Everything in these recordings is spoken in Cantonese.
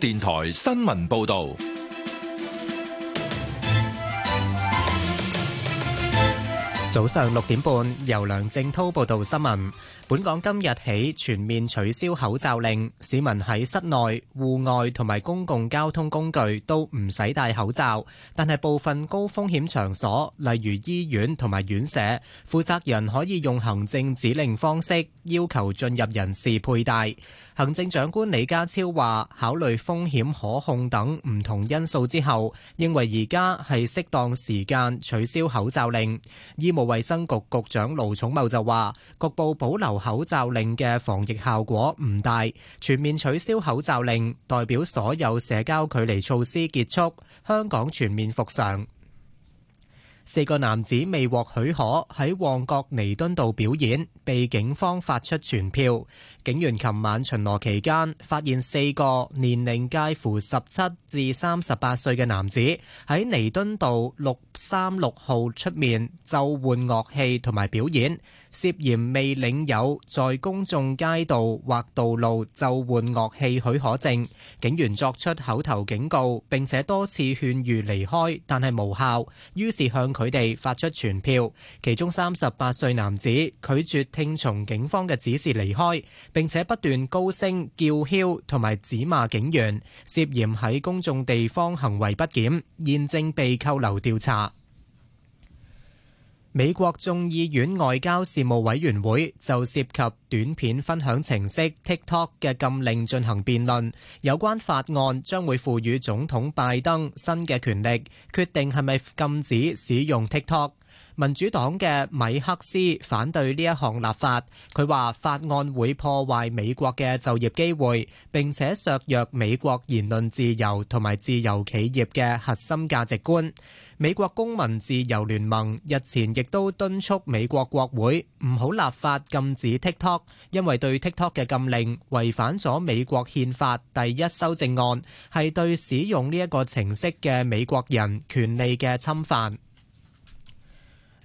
電台新聞報道。早上六點半，由梁正滔報道新聞。本港今日起全面取消口罩令，市民喺室內、戶外同埋公共交通工具都唔使戴口罩。但係部分高風險場所，例如醫院同埋院舍，負責人可以用行政指令方式，要求進入人士佩戴。行政長官李家超話，考慮風險可控等不同因素之後，認為而家係適當時間取消口罩令。醫務衛生局局長盧寵茂就話：局部保留口罩令嘅防疫效果唔大，全面取消口罩令，代表所有社交距離措施結束，香港全面復常。四個男子未獲許可喺旺角彌敦道表演，被警方發出傳票。.警員琴晚巡邏期間，發現四個年齡介乎十七至三十八歲嘅男子喺彌敦道六三六號出面奏玩樂器同埋表演，涉嫌未領有在公眾街道或道路奏玩樂器許可證。警員作出口頭警告，並且多次勸喻離開，但係無效，於是向佢哋發出傳票。其中三十八歲男子拒絕聽從警方嘅指示離開。並且不斷高聲叫囂同埋指罵警員，涉嫌喺公眾地方行為不檢，現正被扣留調查。美國眾議院外交事務委員會就涉及短片分享程式 TikTok 嘅禁令進行辯論，有關法案將會賦予總統拜登新嘅權力，決定係咪禁止使用 TikTok。民主黨嘅米克斯反對呢一項立法，佢話法案會破壞美國嘅就業機會，並且削弱美國言論自由同埋自由企業嘅核心價值觀。美國公民自由聯盟日前亦都敦促美國國會唔好立法禁止 TikTok，因為對 TikTok 嘅禁令違反咗美國憲法第一修正案，係對使用呢一個程式嘅美國人權利嘅侵犯。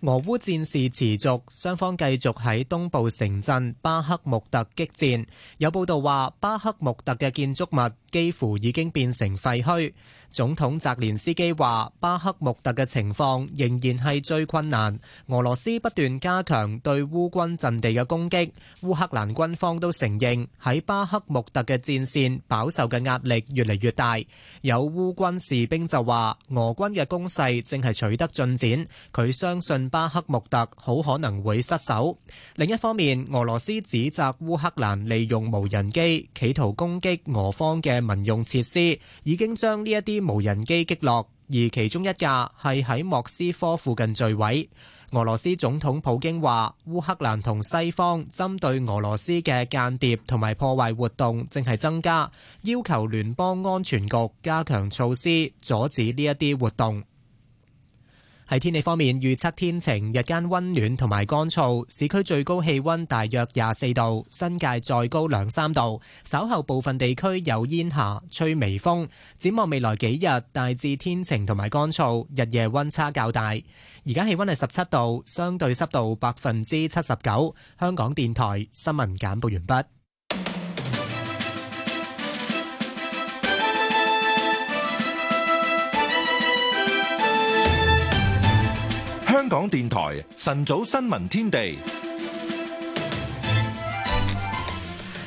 俄烏戰事持續，雙方繼續喺東部城鎮巴克穆特激戰。有報道話，巴克穆特嘅建築物幾乎已經變成廢墟。總統澤連斯基話：巴克穆特嘅情況仍然係最困難。俄羅斯不斷加強對烏軍陣地嘅攻擊。烏克蘭軍方都承認喺巴克穆特嘅戰線飽受嘅壓力越嚟越大。有烏軍士兵就話：俄軍嘅攻勢正係取得進展，佢相信巴克穆特好可能會失守。另一方面，俄羅斯指責烏克蘭利用無人機企圖攻擊俄方嘅民用設施，已經將呢一啲。無人機擊落，而其中一架係喺莫斯科附近墜毀。俄羅斯總統普京話：烏克蘭同西方針對俄羅斯嘅間諜同埋破壞活動正係增加，要求聯邦安全局加強措施，阻止呢一啲活動。喺天氣方面，預測天晴，日間溫暖同埋乾燥，市區最高氣溫大約廿四度，新界再高兩三度。稍後部分地區有煙霞，吹微風。展望未來幾日，大致天晴同埋乾燥，日夜溫差較大。而家氣溫係十七度，相對濕度百分之七十九。香港電台新聞簡報完畢。港電台晨早新聞天地，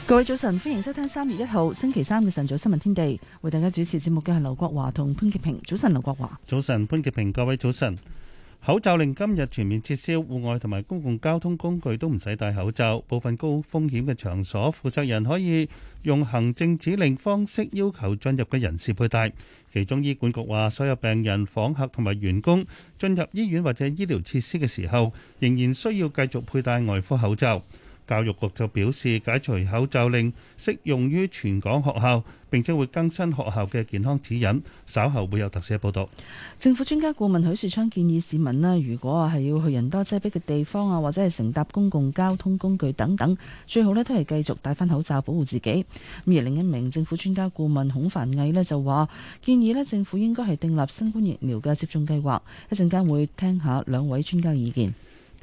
各位早晨，歡迎收聽三月一號星期三嘅晨早新聞天地，為大家主持節目嘅係劉國華同潘潔平。早晨，劉國華，早晨，潘潔平，各位早晨。口罩令今日全面撤銷，戶外同埋公共交通工具都唔使戴口罩，部分高風險嘅場所負責人可以用行政指令方式要求進入嘅人士佩戴。其中醫管局話，所有病人、訪客同埋員工進入醫院或者醫療設施嘅時候，仍然需要繼續佩戴外科口罩。教育局就表示，解除口罩令適用於全港學校，並且會更新學校嘅健康指引。稍後會有特寫報道。政府專家顧問許樹昌建議市民呢，如果啊係要去人多擠逼嘅地方啊，或者係乘搭公共交通工具等等，最好呢都係繼續戴翻口罩保護自己。而另一名政府專家顧問孔凡毅呢就話建議呢政府應該係訂立新冠疫苗嘅接種計劃。一陣間會聽下兩位專家意見。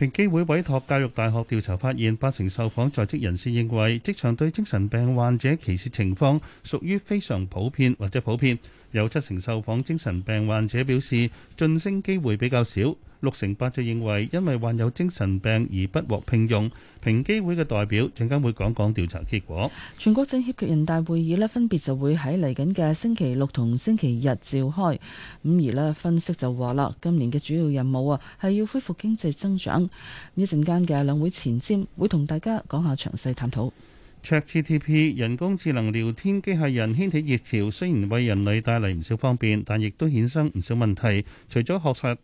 平機會委託教育大學調查發現，八成受訪在職人士認為職場對精神病患者歧視情況屬於非常普遍或者普遍。有七成受訪精神病患者表示晉升機會比較少。六成八就認為，因為患有精神病而不獲聘用。平機會嘅代表陣間會講講調查結果。全國政協及人大會議呢，分別就會喺嚟緊嘅星期六同星期日召開。咁而呢，分析就話啦，今年嘅主要任務啊，係要恢復經濟增長。一陣間嘅兩會前瞻，會同大家講下詳細探討。ChatGPT 人工智能聊天機械人掀起熱潮，雖然為人類帶嚟唔少方便，但亦都衍生唔少問題。除咗學習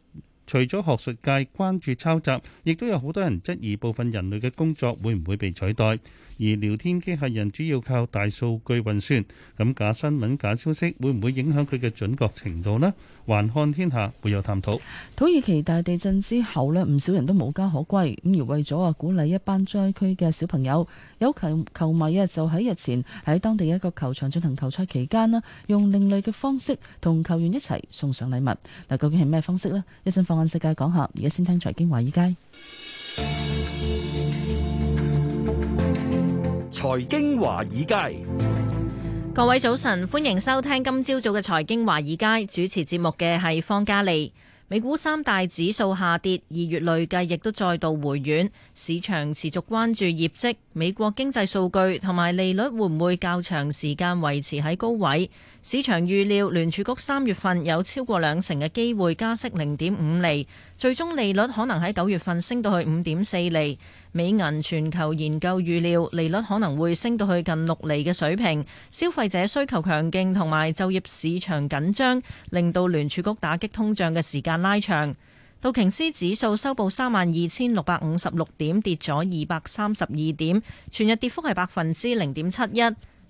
除咗學術界關注抄襲，亦都有好多人質疑部分人類嘅工作會唔會被取代。而聊天機械人主要靠大數據運算，咁假新聞、假消息會唔會影響佢嘅準確程度呢？還看天下會有探討。土耳其大地震之後呢，唔少人都無家可歸。咁而為咗啊鼓勵一班災區嘅小朋友，有球球迷啊就喺日前喺當地一個球場進行球賽期間呢，用另類嘅方式同球員一齊送上禮物。嗱，究竟係咩方式呢？一陣放。按世界講學，而家先聽財經華爾街。財經華爾街，各位早晨，歡迎收聽今朝早嘅財經華爾街主持節目嘅係方嘉莉。美股三大指數下跌，二月累計亦都再度回軟，市場持續關注業績，美國經濟數據同埋利率會唔會較長時間維持喺高位？市場預料聯儲局三月份有超過兩成嘅機會加息零點五厘，最終利率可能喺九月份升到去五點四厘。美銀全球研究預料利率可能會升到去近六厘嘅水平。消費者需求強勁同埋就業市場緊張，令到聯儲局打擊通脹嘅時間拉長。道瓊斯指數收報三萬二千六百五十六點，跌咗二百三十二點，全日跌幅係百分之零點七一。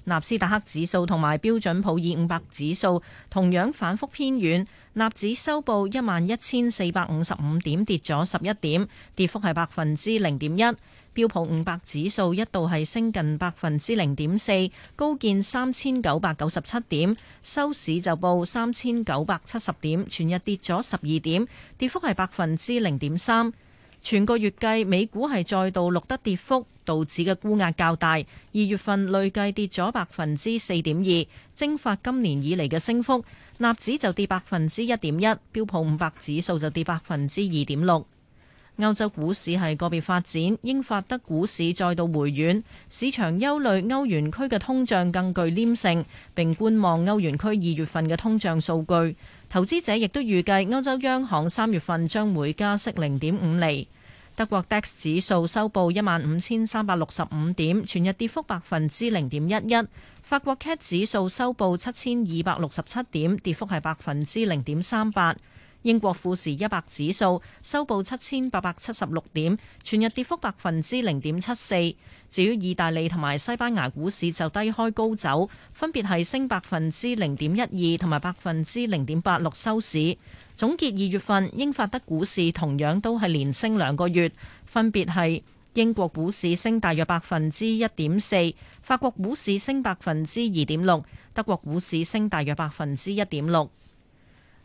納斯達克指數同埋標準普爾五百指數同樣反覆偏遠，納指收報一萬一千四百五十五點，跌咗十一點，跌幅係百分之零點一。標普五百指數一度係升近百分之零點四，高見三千九百九十七點，收市就報三千九百七十點，全日跌咗十二點，跌幅係百分之零點三。全個月計，美股係再度錄得跌幅，導致嘅沽壓較大。二月份累計跌咗百分之四點二，蒸發今年以嚟嘅升幅。納指就跌百分之一點一，標普五百指數就跌百分之二點六。歐洲股市係個別發展，英法德股市再度回軟，市場憂慮歐元區嘅通脹更具黏性，並觀望歐元區二月份嘅通脹數據。投資者亦都預計歐洲央行三月份將會加息零點五厘。德國 DAX 指數收報一萬五千三百六十五點，全日跌幅百分之零點一一。法國 CAC 指數收報七千二百六十七點，跌幅係百分之零點三八。英國富時一百指數收報七千八百七十六點，全日跌幅百分之零點七四。至於意大利同埋西班牙股市就低開高走，分別係升百分之零點一二同埋百分之零點八六收市。總結二月份，英法德股市同樣都係連升兩個月，分別係英國股市升大約百分之一點四，法國股市升百分之二點六，德國股市升大約百分之一點六。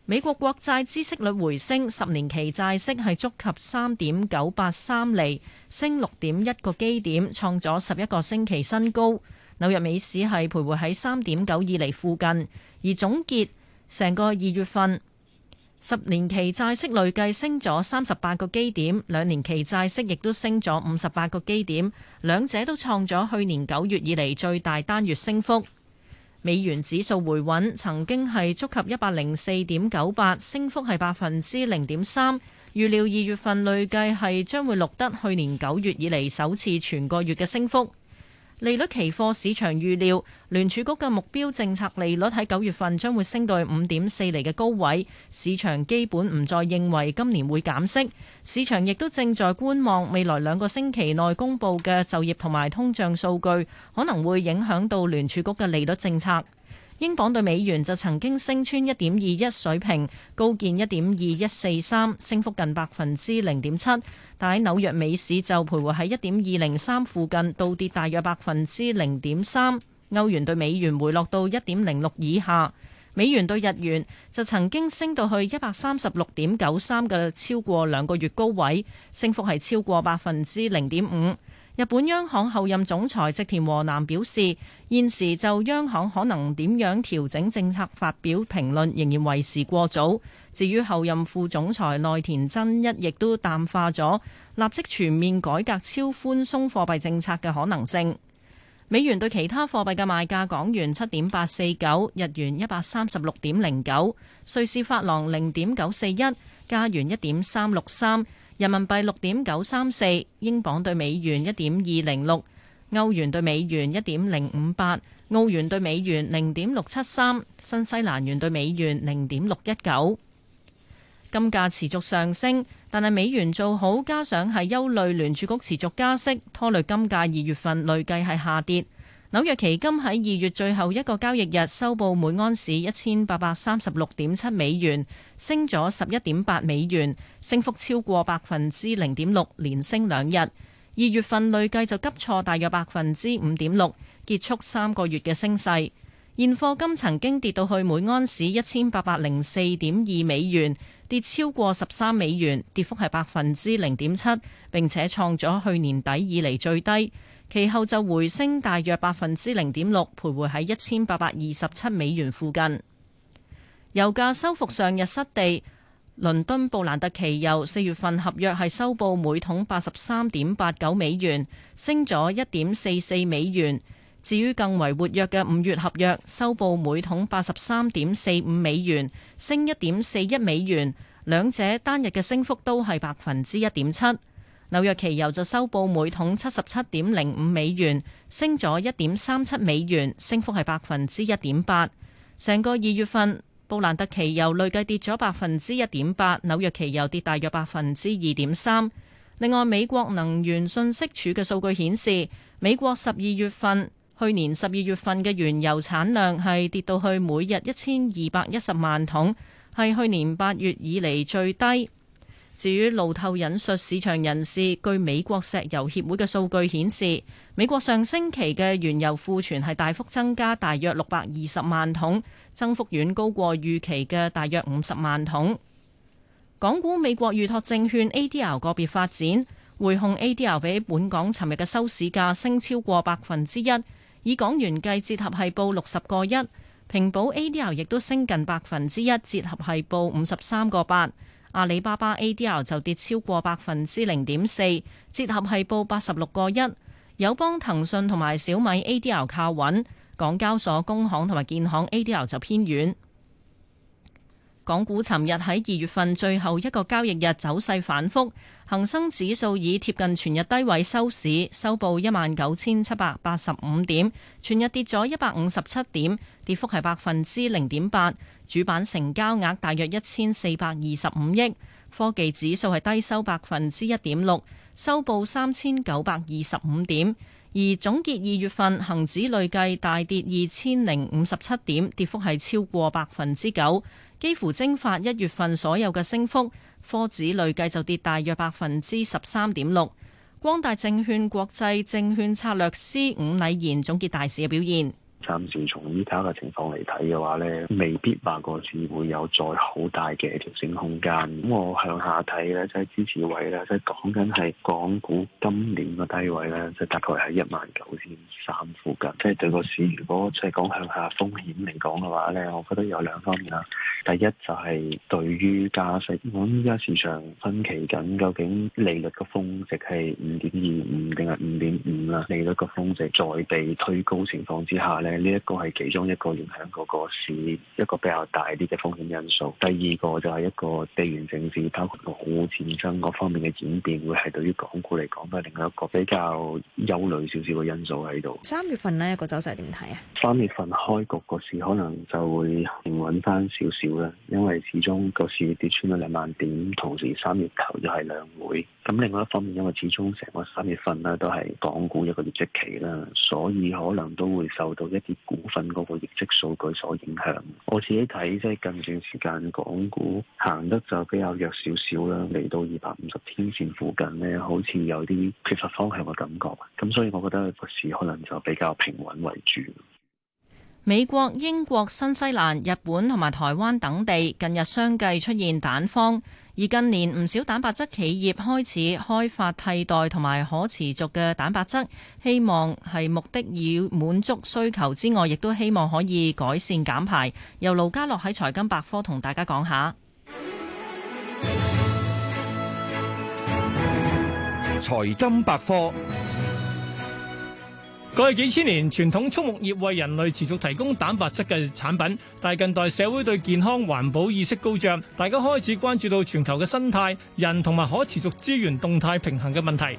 美國國債孳息率回升，十年期債息係觸及三點九八三厘，升六點一個基點，創咗十一個星期新高。紐約美市係徘徊喺三點九二厘附近。而總結成個二月份，十年期債息累計升咗三十八個基點，兩年期債息亦都升咗五十八個基點，兩者都創咗去年九月以嚟最大單月升幅。美元指數回穩，曾經係觸及一百零四點九八，升幅係百分之零點三。預料二月份累計係將會錄得去年九月以嚟首次全個月嘅升幅。利率期貨市場預料聯儲局嘅目標政策利率喺九月份將會升到五點四厘嘅高位，市場基本唔再認為今年會減息。市場亦都正在觀望未來兩個星期內公布嘅就業同埋通脹數據可能會影響到聯儲局嘅利率政策。英鎊對美元就曾經升穿一點二一水平，高見一點二一四三，升幅近百分之零點七。但喺紐約美市就徘徊喺一點二零三附近，倒跌大約百分之零點三。歐元對美元回落到一點零六以下。美元對日元就曾經升到去一百三十六點九三嘅超過兩個月高位，升幅係超過百分之零點五。日本央行候任總裁植田和男表示，現時就央行可能點樣調整政策發表評論仍然為時過早。至於候任副總裁內田真一，亦都淡化咗立即全面改革超寬鬆貨幣政策嘅可能性。美元兌其他貨幣嘅賣價：港元七點八四九，日元一百三十六點零九，瑞士法郎零點九四一，加元一點三六三。人民幣六點九三四，英鎊對美元一點二零六，歐元對美元一點零五八，澳元對美元零點六七三，新西蘭元對美元零點六一九。金價持續上升，但係美元做好，加上係憂慮聯儲局持續加息，拖累金價二月份累計係下跌。紐約期金喺二月最後一個交易日收報每安士一千八百三十六點七美元，升咗十一點八美元，升幅超過百分之零點六，連升兩日。二月份累計就急挫大約百分之五點六，結束三個月嘅升勢。現貨金曾經跌到去每安士一千八百零四點二美元。跌超過十三美元，跌幅係百分之零點七，並且創咗去年底以嚟最低。其後就回升大約百分之零點六，徘徊喺一千八百二十七美元附近。油價收復上日失地，倫敦布蘭特期油四月份合約係收報每桶八十三點八九美元，升咗一點四四美元。至於更為活躍嘅五月合約收報每桶八十三點四五美元，升一點四一美元，兩者單日嘅升幅都係百分之一點七。紐約期油就收報每桶七十七點零五美元，升咗一點三七美元，升幅係百分之一點八。成個二月份，布蘭特期油累計跌咗百分之一點八，紐約期油跌大約百分之二點三。另外，美國能源信息署嘅數據顯示，美國十二月份去年十二月份嘅原油產量係跌到去每日一千二百一十萬桶，係去年八月以嚟最低。至於路透引述市場人士，據美國石油協會嘅數據顯示，美國上星期嘅原油庫存係大幅增加，大約六百二十萬桶，增幅遠高過預期嘅大約五十萬桶。港股美國預託證券 ADR 個別發展，匯控 ADR 比本港尋日嘅收市價升超過百分之一。以港元計，折合係報六十個一，平保 ADR 亦都升近百分之一，折合係報五十三個八。阿里巴巴 ADR 就跌超過百分之零點四，折合係報八十六個一。友邦、騰訊同埋小米 ADR 靠穩，港交所、工行同埋建行 ADR 就偏遠。港股尋日喺二月份最後一個交易日走勢反覆。恒生指數已貼近全日低位收市，收報一萬九千七百八十五點，全日跌咗一百五十七點，跌幅係百分之零點八。主板成交額大約一千四百二十五億。科技指數係低收百分之一點六，收報三千九百二十五點。而總結二月份，恒指累計大跌二千零五十七點，跌幅係超過百分之九，幾乎蒸發一月份所有嘅升幅。科指累計就跌大約百分之十三點六。光大證券國際證券策略師伍禮賢總結大市嘅表現。暫時從依家嘅情況嚟睇嘅話咧，未必話個市會有再好大嘅調整空間。咁我向下睇咧，即係支持位咧，即係講緊係港股今年嘅低位咧，即係大概喺一萬九千三附近。即係對個市，如果即係講向下風險嚟講嘅話咧，我覺得有兩方面啦。第一就係對於加息，我依家市場分歧緊，究竟利率嘅峰值係五點二五定係五點五啦？利率嘅峰值再被推高情況之下咧。呢一個係其中一個影響嗰個市一個比較大啲嘅風險因素。第二個就係一個地緣政治，包括個俄烏戰爭各方面嘅演變，會係對於港股嚟講都係另外一個比較憂慮少少嘅因素喺度。三月份呢個走勢點睇啊？三月份開局個市可能就會平穩翻少少啦，因為始終個市跌穿咗兩萬點，同時三月頭又係兩會，咁另外一方面因為始終成個三月份呢都係港股一個業績期啦，所以可能都會受到一啲股份嗰個業績數據所影響，我自己睇即係近段時間港股行得就比較弱少少啦，嚟到二百五十天線附近咧，好似有啲缺乏方向嘅感覺，咁所以我覺得個市可能就比較平穩為主。美國英國新西蘭日本同埋台灣等地近日相繼出現蛋荒。而近年唔少蛋白質企業開始開發替代同埋可持續嘅蛋白質，希望係目的要滿足需求之外，亦都希望可以改善減排。由盧家樂喺財金百科同大家講下。財金百科。過去幾千年，傳統畜牧業為人類持續提供蛋白質嘅產品，但係近代社會對健康、環保意識高漲，大家開始關注到全球嘅生態、人同埋可持續資源動態平衡嘅問題。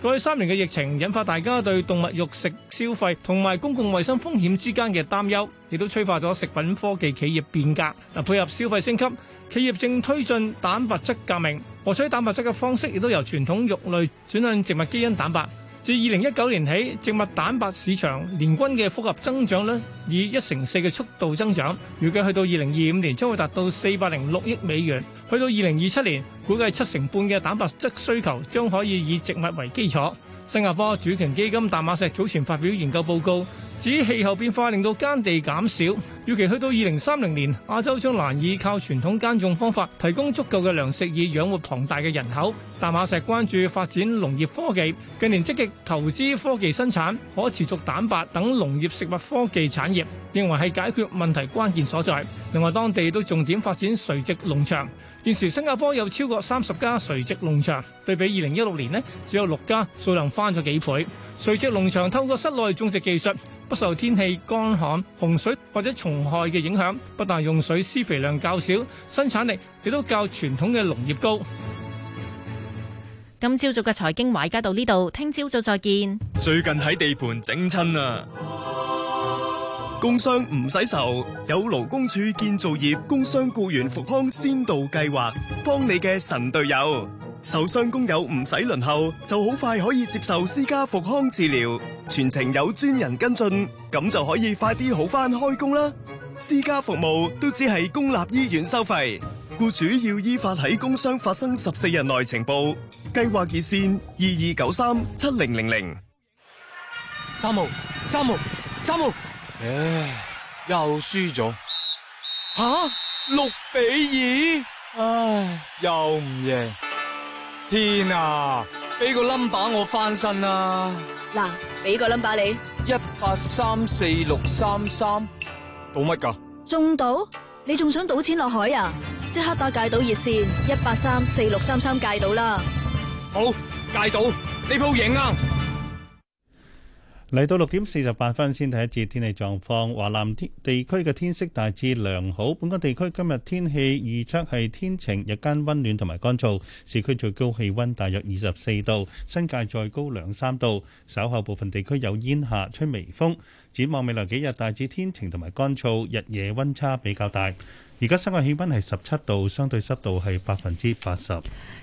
過去三年嘅疫情，引發大家對動物肉食消費同埋公共衛生風險之間嘅擔憂，亦都催化咗食品科技企業變革。嗱，配合消費升級，企業正推進蛋白質革命，獲取蛋白質嘅方式亦都由傳統肉類轉向植物基因蛋白。自二零一九年起，植物蛋白市場年均嘅複合增長率，以一成四嘅速度增長，預計去到二零二五年將會達到四百零六億美元。去到二零二七年，估計七成半嘅蛋白質需求將可以以植物為基礎。新加坡主權基金淡馬錫早前發表研究報告。指氣候變化令到耕地減少，預期去到二零三零年，亞洲將難以靠傳統耕種方法提供足夠嘅糧食以養活龐大嘅人口。但馬石關注發展農業科技，近年積極投資科技生產可持續蛋白等農業食物科技產業，認為係解決問題關鍵所在。另外，當地都重點發展垂直農場，現時新加坡有超過三十家垂直農場，對比二零一六年呢只有六家，數量翻咗幾倍。垂直農場透過室內種植技術。不受天氣乾旱，洪水或者蟲害嘅影響，不但用水、施肥量較少，生產力亦都較傳統嘅農業高。今朝早嘅財經話家到呢度，聽朝早再見。最近喺地盤整親啊，工傷唔使愁，有勞工處建造業工傷僱員復康先導計劃，幫你嘅神隊友。受傷工友唔使輪候，就好快可以接受私家復康治療，全程有專人跟進，咁就可以快啲好返開工啦。私家服務都只係公立醫院收費，雇主要依法喺工傷發生十四日內呈報。計劃熱線二二九三七零零零。三毛，三毛，三毛，唉，又輸咗。吓，六比二，唉，又唔贏。天啊！俾個 number 我翻身啊！嗱，俾個 number 你一八三四六三三，賭乜㗎？仲賭？你仲想賭錢落海啊？即刻打戒賭熱線一八三四六三三戒賭啦！好，戒賭你鋪贏啊！嚟到六點四十八分先睇一節天氣狀況。華南天地區嘅天色大致良好。本港地區今日天氣預測係天晴，日間温暖同埋乾燥。市區最高氣温大約二十四度，新界再高兩三度。稍後部分地區有煙霞，吹微風。展望未來幾日，大致天晴同埋乾燥，日夜温差比較大。而家室外氣溫係十七度，相對濕度係百分之八十。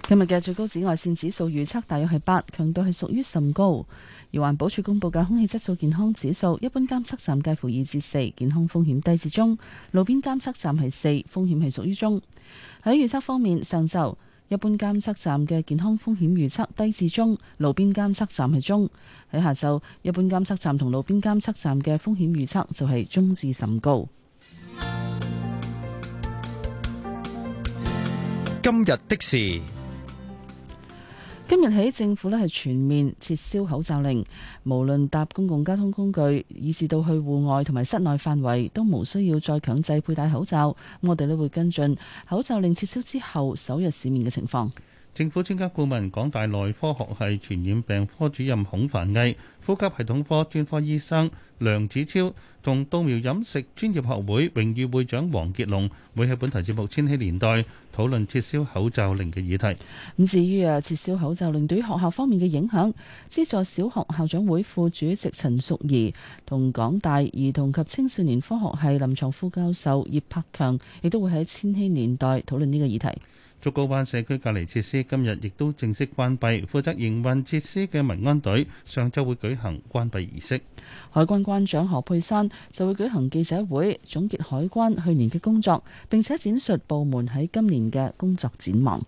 今日嘅最高紫外線指數預測大約係八，強度係屬於甚高。而環保署公布嘅空氣質素健康指數，一般監測站介乎二至四，健康風險低至中；路邊監測站係四，風險係屬於中。喺預測方面，上晝一般監測站嘅健康風險預測低至中，路邊監測站係中；喺下晝，一般監測站同路邊監測站嘅風險預測就係中至甚高。今日的事，今日起政府呢係全面撤銷口罩令，無論搭公共交通工具，以至到去戶外同埋室內範圍，都無需要再強制佩戴口罩。我哋都會跟進口罩令撤銷之後首日市面嘅情況。政府專家顧問，港大內科學系傳染病科主任孔凡毅、呼吸系統科專科醫生梁子超，同稻苗飲食專業學會榮譽會長黃傑龍，會喺本台節目《千禧年代》討論撤銷口罩令嘅議題。咁至於啊，撤銷口罩令對於學校方面嘅影響，資助小學校長會副主席陳淑儀，同港大兒童及青少年科學系臨牀副教授葉柏強，亦都會喺《千禧年代》討論呢個議題。竹篙灣社區隔離設施今日亦都正式關閉，負責營運設施嘅民安隊上周會舉行關閉儀式。海關關長何佩珊就會舉行記者會，總結海關去年嘅工作，並且展述部門喺今年嘅工作展望。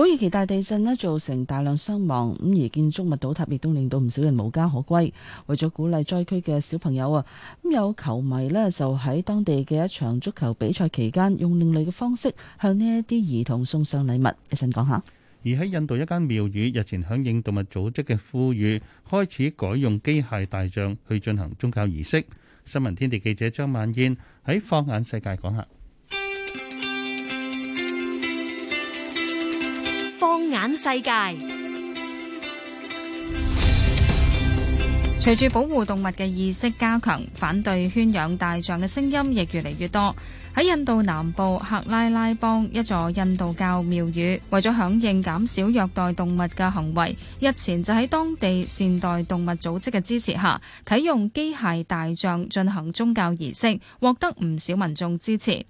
土耳其大地震呢，造成大量傷亡，咁而建築物倒塌亦都令到唔少人無家可歸。為咗鼓勵災區嘅小朋友啊，咁有球迷呢就喺當地嘅一場足球比賽期間，用另類嘅方式向呢一啲兒童送上禮物。一陣講一下。而喺印度一間廟宇日前響應動物組織嘅呼籲，開始改用機械大象去進行宗教儀式。新聞天地記者張曼燕喺放眼世界講下。眼世界。隨住保護動物嘅意識加強，反對圈養大象嘅聲音亦越嚟越多。喺印度南部喀拉拉邦一座印度教廟宇，為咗響應減少虐待動物嘅行為，日前就喺當地善待動物組織嘅支持下，啟用機械大象進行宗教儀式，獲得唔少民眾支持。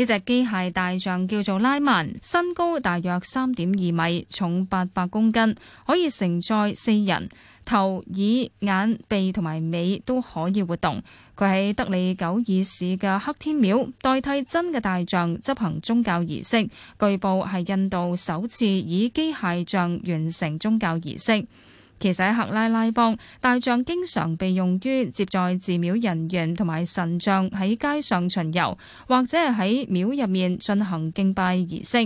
呢隻機械大象叫做拉曼，身高大約三點二米，重八百公斤，可以承載四人。頭、耳、眼、鼻同埋尾都可以活動。佢喺德里久爾市嘅黑天廟代替真嘅大象執行宗教儀式，據報係印度首次以機械象完成宗教儀式。其實喺克拉拉邦，大象經常被用於接載寺廟人員同埋神像喺街上巡遊，或者係喺廟入面進行敬拜儀式。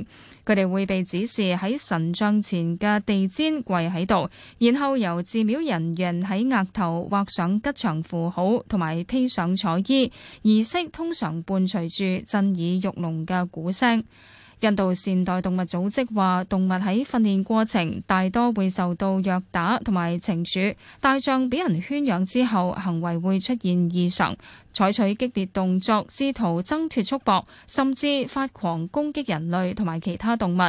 佢哋會被指示喺神像前嘅地氈跪喺度，然後由寺廟人員喺額頭畫上吉祥符號同埋披上彩衣。儀式通常伴隨住震耳欲聾嘅鼓聲。印度善待動物組織話，動物喺訓練過程大多會受到虐打同埋懲處。大象俾人圈養之後，行為會出現異常，採取激烈動作，試圖掙脫束縛，甚至發狂攻擊人類同埋其他動物。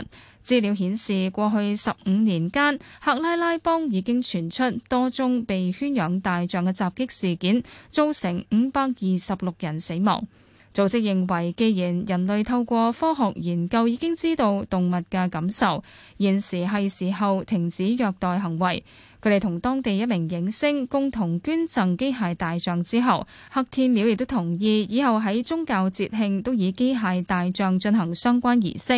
資料顯示，過去十五年間，克拉拉邦已經傳出多宗被圈養大象嘅襲擊事件，造成五百二十六人死亡。組織認為，既然人類透過科學研究已經知道動物嘅感受，現時係時候停止虐待行為。佢哋同當地一名影星共同捐贈機械大象之後，黑天廟亦都同意以後喺宗教節慶都以機械大象進行相關儀式。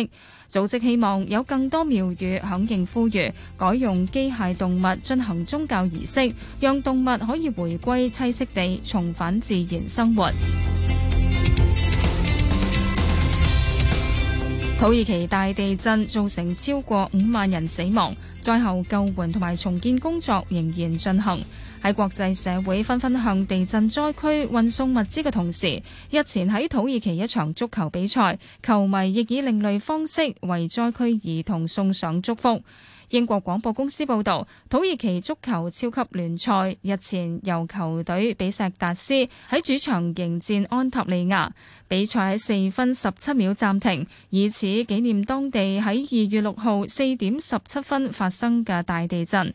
組織希望有更多廟宇響應呼籲，改用機械動物進行宗教儀式，讓動物可以回歸棲息地，重返自然生活。土耳其大地震造成超過五萬人死亡，災後救援同埋重建工作仍然進行。喺國際社會紛紛向地震災區運送物資嘅同時，日前喺土耳其一場足球比賽，球迷亦以另類方式為災區兒童送上祝福。英國廣播公司報導，土耳其足球超級聯賽日前由球隊比錫達斯喺主場迎戰安塔利亞，比賽喺四分十七秒暫停，以此紀念當地喺二月六號四點十七分發生嘅大地震。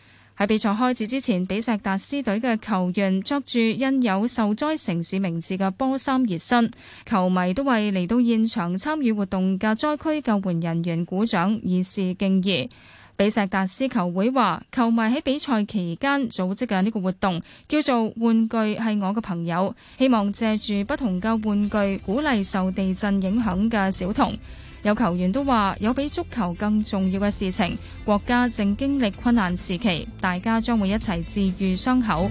喺比賽開始之前，比錫達斯隊嘅球員著住印有受災城市名字嘅波衫熱身，球迷都為嚟到現場參與活動嘅災區救援人員鼓掌，以示敬意。比錫達斯球會話：球迷喺比賽期間組織嘅呢個活動叫做玩具，玩具，係我嘅朋友希望借住不同嘅玩具鼓勵受地震影響嘅小童。有球員都話：有比足球更重要嘅事情，國家正經歷困難時期，大家將會一齊治癒傷口。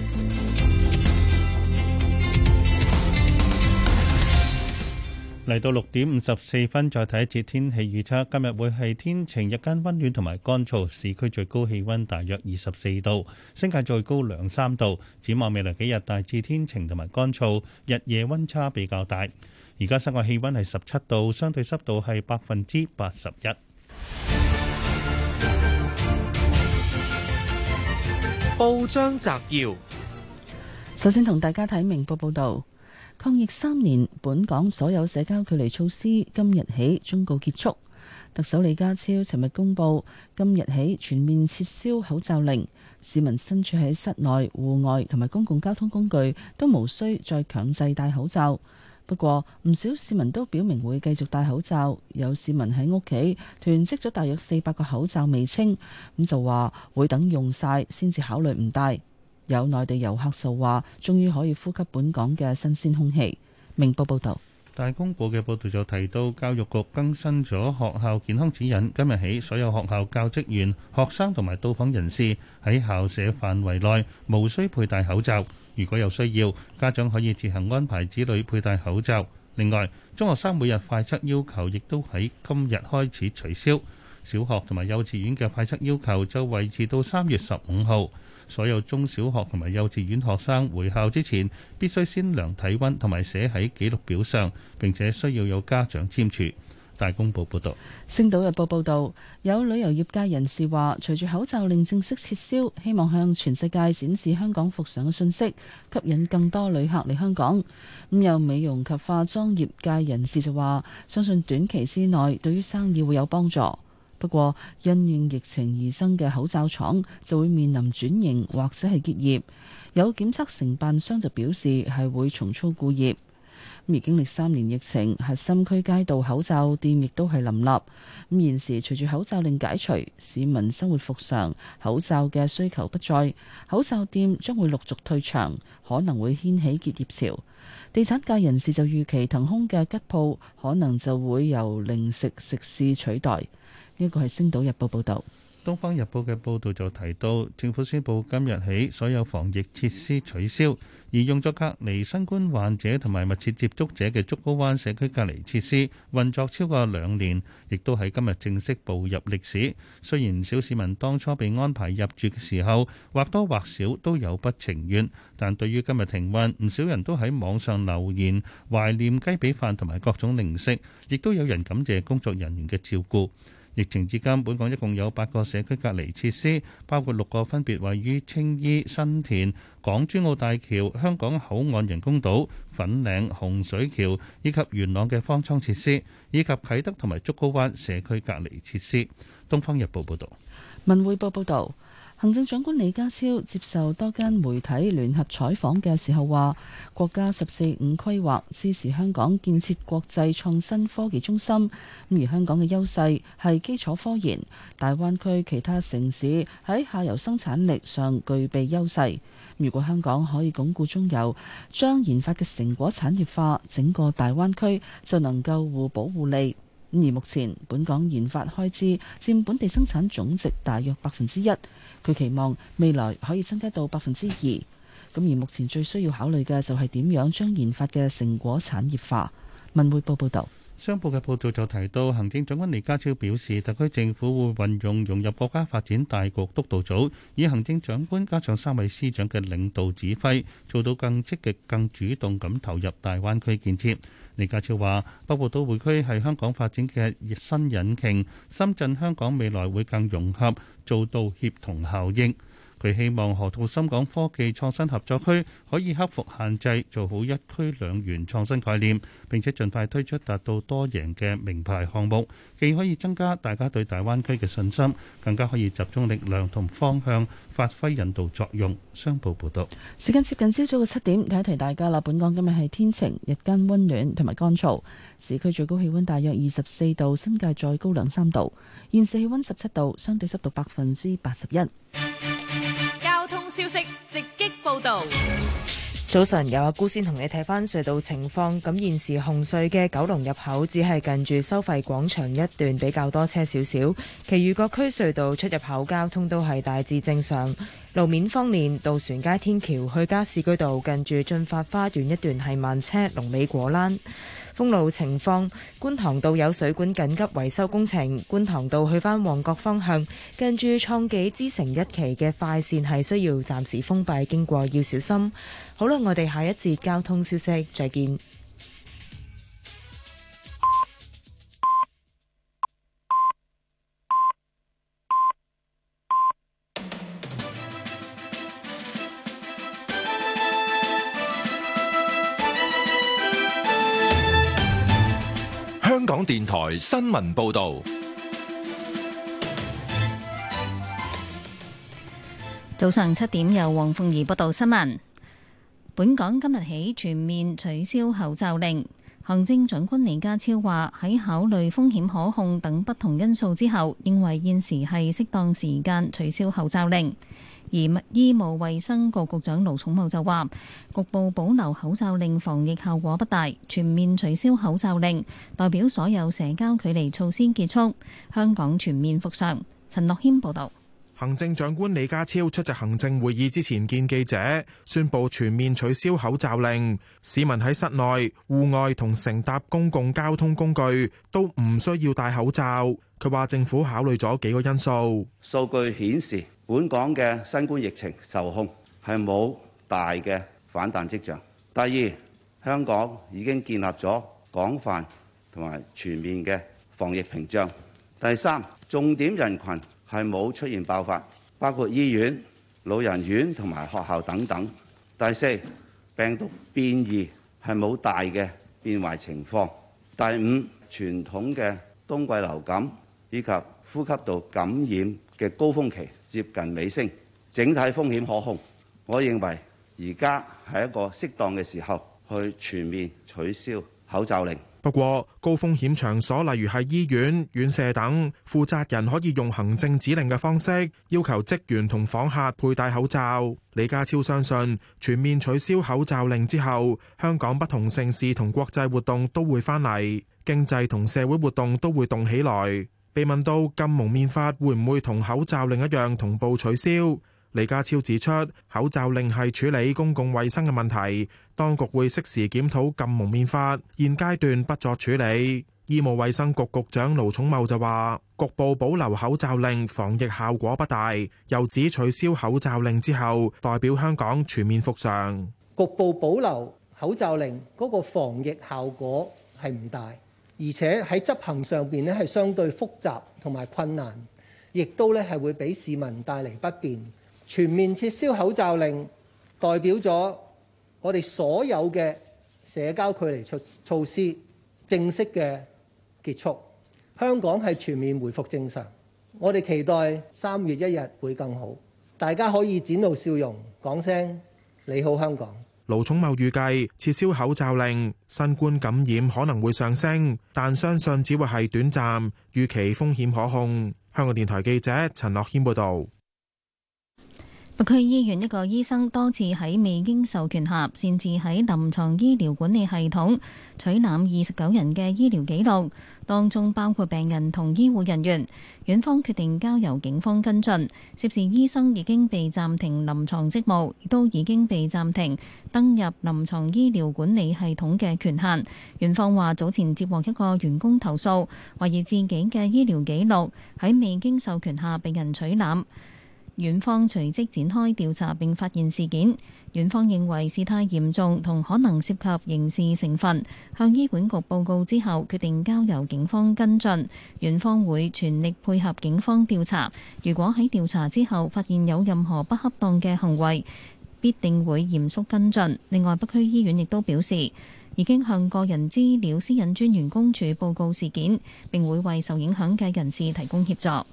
嚟到六點五十四分，再睇一節天氣預測。今日會係天晴，日間溫暖同埋乾燥，市區最高氣溫大約二十四度，新界最高兩三度。展望未來幾日，大致天晴同埋乾燥，日夜溫差比較大。而家室外氣温係十七度，相對濕度係百分之八十一。報章摘要：首先同大家睇明報報道，抗疫三年，本港所有社交距離措施今日起終告結束。特首李家超尋日公布，今日起全面撤銷口罩令，市民身處喺室內、戶外同埋公共交通工具都無需再強制戴口罩。不過，唔少市民都表明會繼續戴口罩。有市民喺屋企囤積咗大約四百個口罩未清，咁就話會等用晒先至考慮唔戴。有內地遊客就話，終於可以呼吸本港嘅新鮮空氣。明報報導，大公報嘅報導就提到，教育局更新咗學校健康指引，今日起所有學校教職員、學生同埋到訪人士喺校舍範圍內無需佩戴口罩。如果有需要，家長可以自行安排子女佩戴口罩。另外，中學生每日快測要求亦都喺今日開始取消，小學同埋幼稚園嘅快測要求就維持到三月十五號。所有中小學同埋幼稚園學生回校之前，必須先量體溫同埋寫喺記錄表上，並且需要有家長簽署。大公報報道，《星島日報》報道，有旅遊業界人士話，隨住口罩令正式撤銷，希望向全世界展示香港復常嘅信息，吸引更多旅客嚟香港。咁有美容及化妝業界人士就話，相信短期之內對於生意會有幫助。不過，因應疫情而生嘅口罩廠就會面臨轉型或者係結業。有檢測承辦商就表示，係會重操故業。而經歷三年疫情，核心區街道口罩店亦都係林立。咁現時隨住口罩令解除，市民生活復常，口罩嘅需求不再，口罩店將會陸續退場，可能會掀起結業潮。地產界人士就預期騰空嘅吉鋪可能就會由零食食肆取代。呢個係《星島日報》報道。《東方日報》嘅報導就提到，政府宣布今日起所有防疫設施取消，而用作隔離新冠患者同埋密切接觸者嘅竹篙灣社區隔離設施運作超過兩年，亦都喺今日正式步入歷史。雖然唔少市民當初被安排入住嘅時候或多或少都有不情願，但對於今日停運，唔少人都喺網上留言懷念雞髀飯同埋各種零食，亦都有人感謝工作人員嘅照顧。疫情至今本港一共有八個社區隔離設施，包括六個分別位於青衣、新田、港珠澳大橋香港口岸人工島、粉嶺、洪水橋以及元朗嘅方艙設施，以及啟德同埋竹篙灣社區隔離設施。東方日報報道。文匯報報導。行政長官李家超接受多間媒體聯合採訪嘅時候話：國家十四五規劃支持香港建設國際創新科技中心，咁而香港嘅優勢係基礎科研，大灣區其他城市喺下游生產力上具備優勢。如果香港可以鞏固中游，將研發嘅成果產業化，整個大灣區就能夠互補互利。而目前，本港研發開支佔本地生產總值大約百分之一，佢期望未來可以增加到百分之二。咁而目前最需要考慮嘅就係點樣將研發嘅成果產業化。文匯報報道。商報嘅報道就提到，行政長官李家超表示，特區政府會運用融入國家發展大局督導組，以行政長官加上三位司長嘅領導指揮，做到更積極、更主動咁投入大灣區建設。李家超話：北部都會區係香港發展嘅新引擎，深圳、香港未來會更融合，做到協同效應。佢希望河套深港科技創新合作區可以克服限制，做好一區兩園創新概念，並且盡快推出達到多贏嘅名牌項目，既可以增加大家對大灣區嘅信心，更加可以集中力量同方向，發揮引導作用。商報報道，時間接近朝早嘅七點，提一提大家啦。本港今日係天晴，日間溫暖同埋乾燥，市區最高氣溫大約二十四度，新界再高兩三度，現時氣溫十七度，相對濕度百分之八十一。消息直擊報道。早晨，有阿姑先同你睇返隧道情況。咁現時紅隧嘅九龍入口只係近住收費廣場一段比較多車少少，其餘各區隧道出入口交通都係大致正常。路面方面，渡船街天橋去加士居道近住駿發花園一段係慢車，龍尾果欄。公路情況，觀塘道有水管緊急維修工程，觀塘道去翻旺角方向，近住創紀之城一期嘅快線係需要暫時封閉，經過要小心。好啦，我哋下一節交通消息再見。香港電台新聞報道，早上七點由黃鳳儀報道新聞。本港今日起全面取消口罩令，行政長官李家超話喺考慮風險可控等不同因素之後，認為現時係適當時間取消口罩令。而醫務衛生局局長盧寵茂就話：局部保留口罩令防疫效果不大，全面取消口罩令，代表所有社交距離措施結束。香港全面復常。陳樂軒報導。行政長官李家超出席行政會議之前見記者，宣布全面取消口罩令，市民喺室內、戶外同乘搭公共交通工具都唔需要戴口罩。佢話：政府考慮咗幾個因素，數據顯示。本港嘅新冠疫情受控，係冇大嘅反彈跡象。第二，香港已經建立咗廣泛同埋全面嘅防疫屏障。第三，重點人群係冇出現爆發，包括醫院、老人院同埋學校等等。第四，病毒變異係冇大嘅變壞情況。第五，傳統嘅冬季流感以及呼吸道感染嘅高峰期。接近尾聲，整體風險可控，我認為而家係一個適當嘅時候去全面取消口罩令。不過，高風險場所例如係醫院、院舍等，負責人可以用行政指令嘅方式要求職員同訪客佩戴口罩。李家超相信全面取消口罩令之後，香港不同城市同國際活動都會翻嚟，經濟同社會活動都會動起來。被問到禁蒙面法會唔會同口罩令一樣同步取消，李家超指出口罩令係處理公共衛生嘅問題，當局會適時檢討禁蒙面法，現階段不作處理。醫務衛生局局長盧寵茂就話：局部保留口罩令防疫效果不大，又指取消口罩令之後代表香港全面復常。局部保留口罩令嗰個防疫效果係唔大。而且喺執行上邊咧係相對複雜同埋困難，亦都咧係會俾市民帶嚟不便。全面撤銷口罩令，代表咗我哋所有嘅社交距離措措施正式嘅結束。香港係全面回復正常，我哋期待三月一日會更好。大家可以展露笑容，講聲你好，香港。盧寵茂預計撤銷口罩令，新冠感染可能會上升，但相信只會係短暫，預期風險可控。香港電台記者陳樂軒報導。區醫院一個醫生多次喺未經授權下，擅自喺臨床醫療管理系統取覽二十九人嘅醫療記錄，當中包括病人同醫護人員。院方決定交由警方跟進，涉事醫生已經被暫停臨床職務，亦都已經被暫停登入臨床醫療管理系統嘅權限。院方話早前接獲一個員工投訴，懷疑自己嘅醫療記錄喺未經授權下被人取覽。院方隨即展開調查並發現事件，院方認為事態嚴重同可能涉及刑事成分，向醫管局報告之後決定交由警方跟進。院方會全力配合警方調查，如果喺調查之後發現有任何不恰當嘅行為，必定會嚴肅跟進。另外，北區醫院亦都表示已經向個人資料私隱專員公署報告事件，並會為受影響嘅人士提供協助。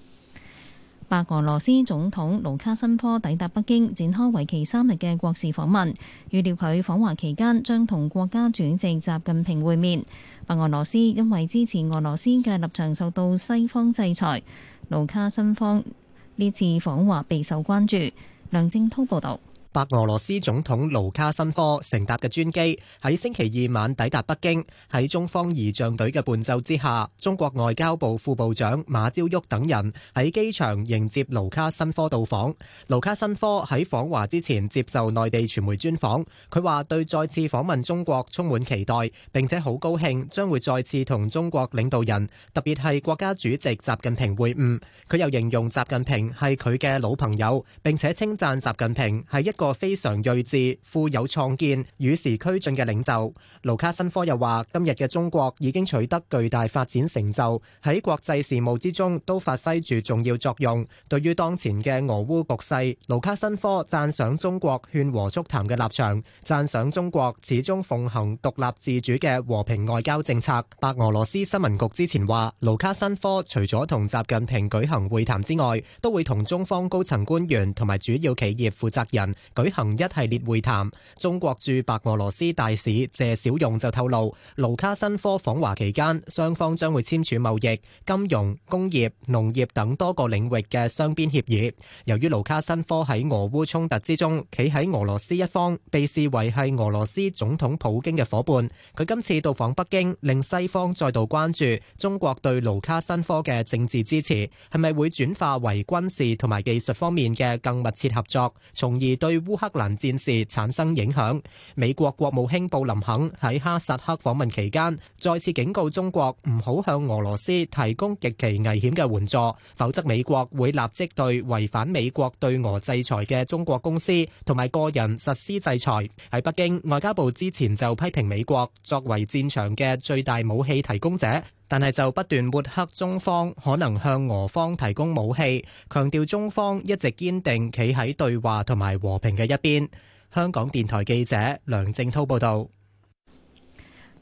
白俄羅斯總統盧卡申科抵達北京，展開為期三日嘅國事訪問。預料佢訪華期間將同國家主席習近平會面。白俄羅斯因為支持俄羅斯嘅立場受到西方制裁，盧卡申科呢次訪華備受關注。梁正滔報道。白俄羅斯總統盧卡申科乘搭嘅專機喺星期二晚抵達北京，喺中方儀仗隊嘅伴奏之下，中國外交部副部長馬朝旭等人喺機場迎接盧卡申科到訪。盧卡申科喺訪華之前接受內地傳媒專訪，佢話對再次訪問中國充滿期待，並且好高興將會再次同中國領導人，特別係國家主席習近平會晤。佢又形容習近平係佢嘅老朋友，並且稱讚習近平係一個。個非常睿智、富有創見、與時俱進嘅領袖。盧卡申科又話：今日嘅中國已經取得巨大發展成就，喺國際事務之中都發揮住重要作用。對於當前嘅俄烏局勢，盧卡申科讚賞中國勸和促談嘅立場，讚賞中國始終奉行獨立自主嘅和平外交政策。白俄羅斯新聞局之前話，盧卡申科除咗同習近平舉行會談之外，都會同中方高層官員同埋主要企業負責人。舉行一系列會談，中國駐白俄羅斯大使謝小勇就透露，盧卡申科訪華期間，雙方將會簽署貿易、金融、工業、農業等多個領域嘅雙邊協議。由於盧卡申科喺俄烏衝突之中，企喺俄羅斯一方，被視為係俄羅斯總統普京嘅伙伴，佢今次到訪北京，令西方再度關注中國對盧卡申科嘅政治支持，係咪會轉化為軍事同埋技術方面嘅更密切合作，從而對。烏克蘭戰事產生影響，美國國務卿布林肯喺哈薩克訪問期間，再次警告中國唔好向俄羅斯提供極其危險嘅援助，否則美國會立即對違反美國對俄制裁嘅中國公司同埋個人實施制裁。喺北京，外交部之前就批評美國作為戰場嘅最大武器提供者。但係就不斷抹黑中方可能向俄方提供武器，強調中方一直堅定企喺對話同埋和平嘅一邊。香港電台記者梁正滔報導。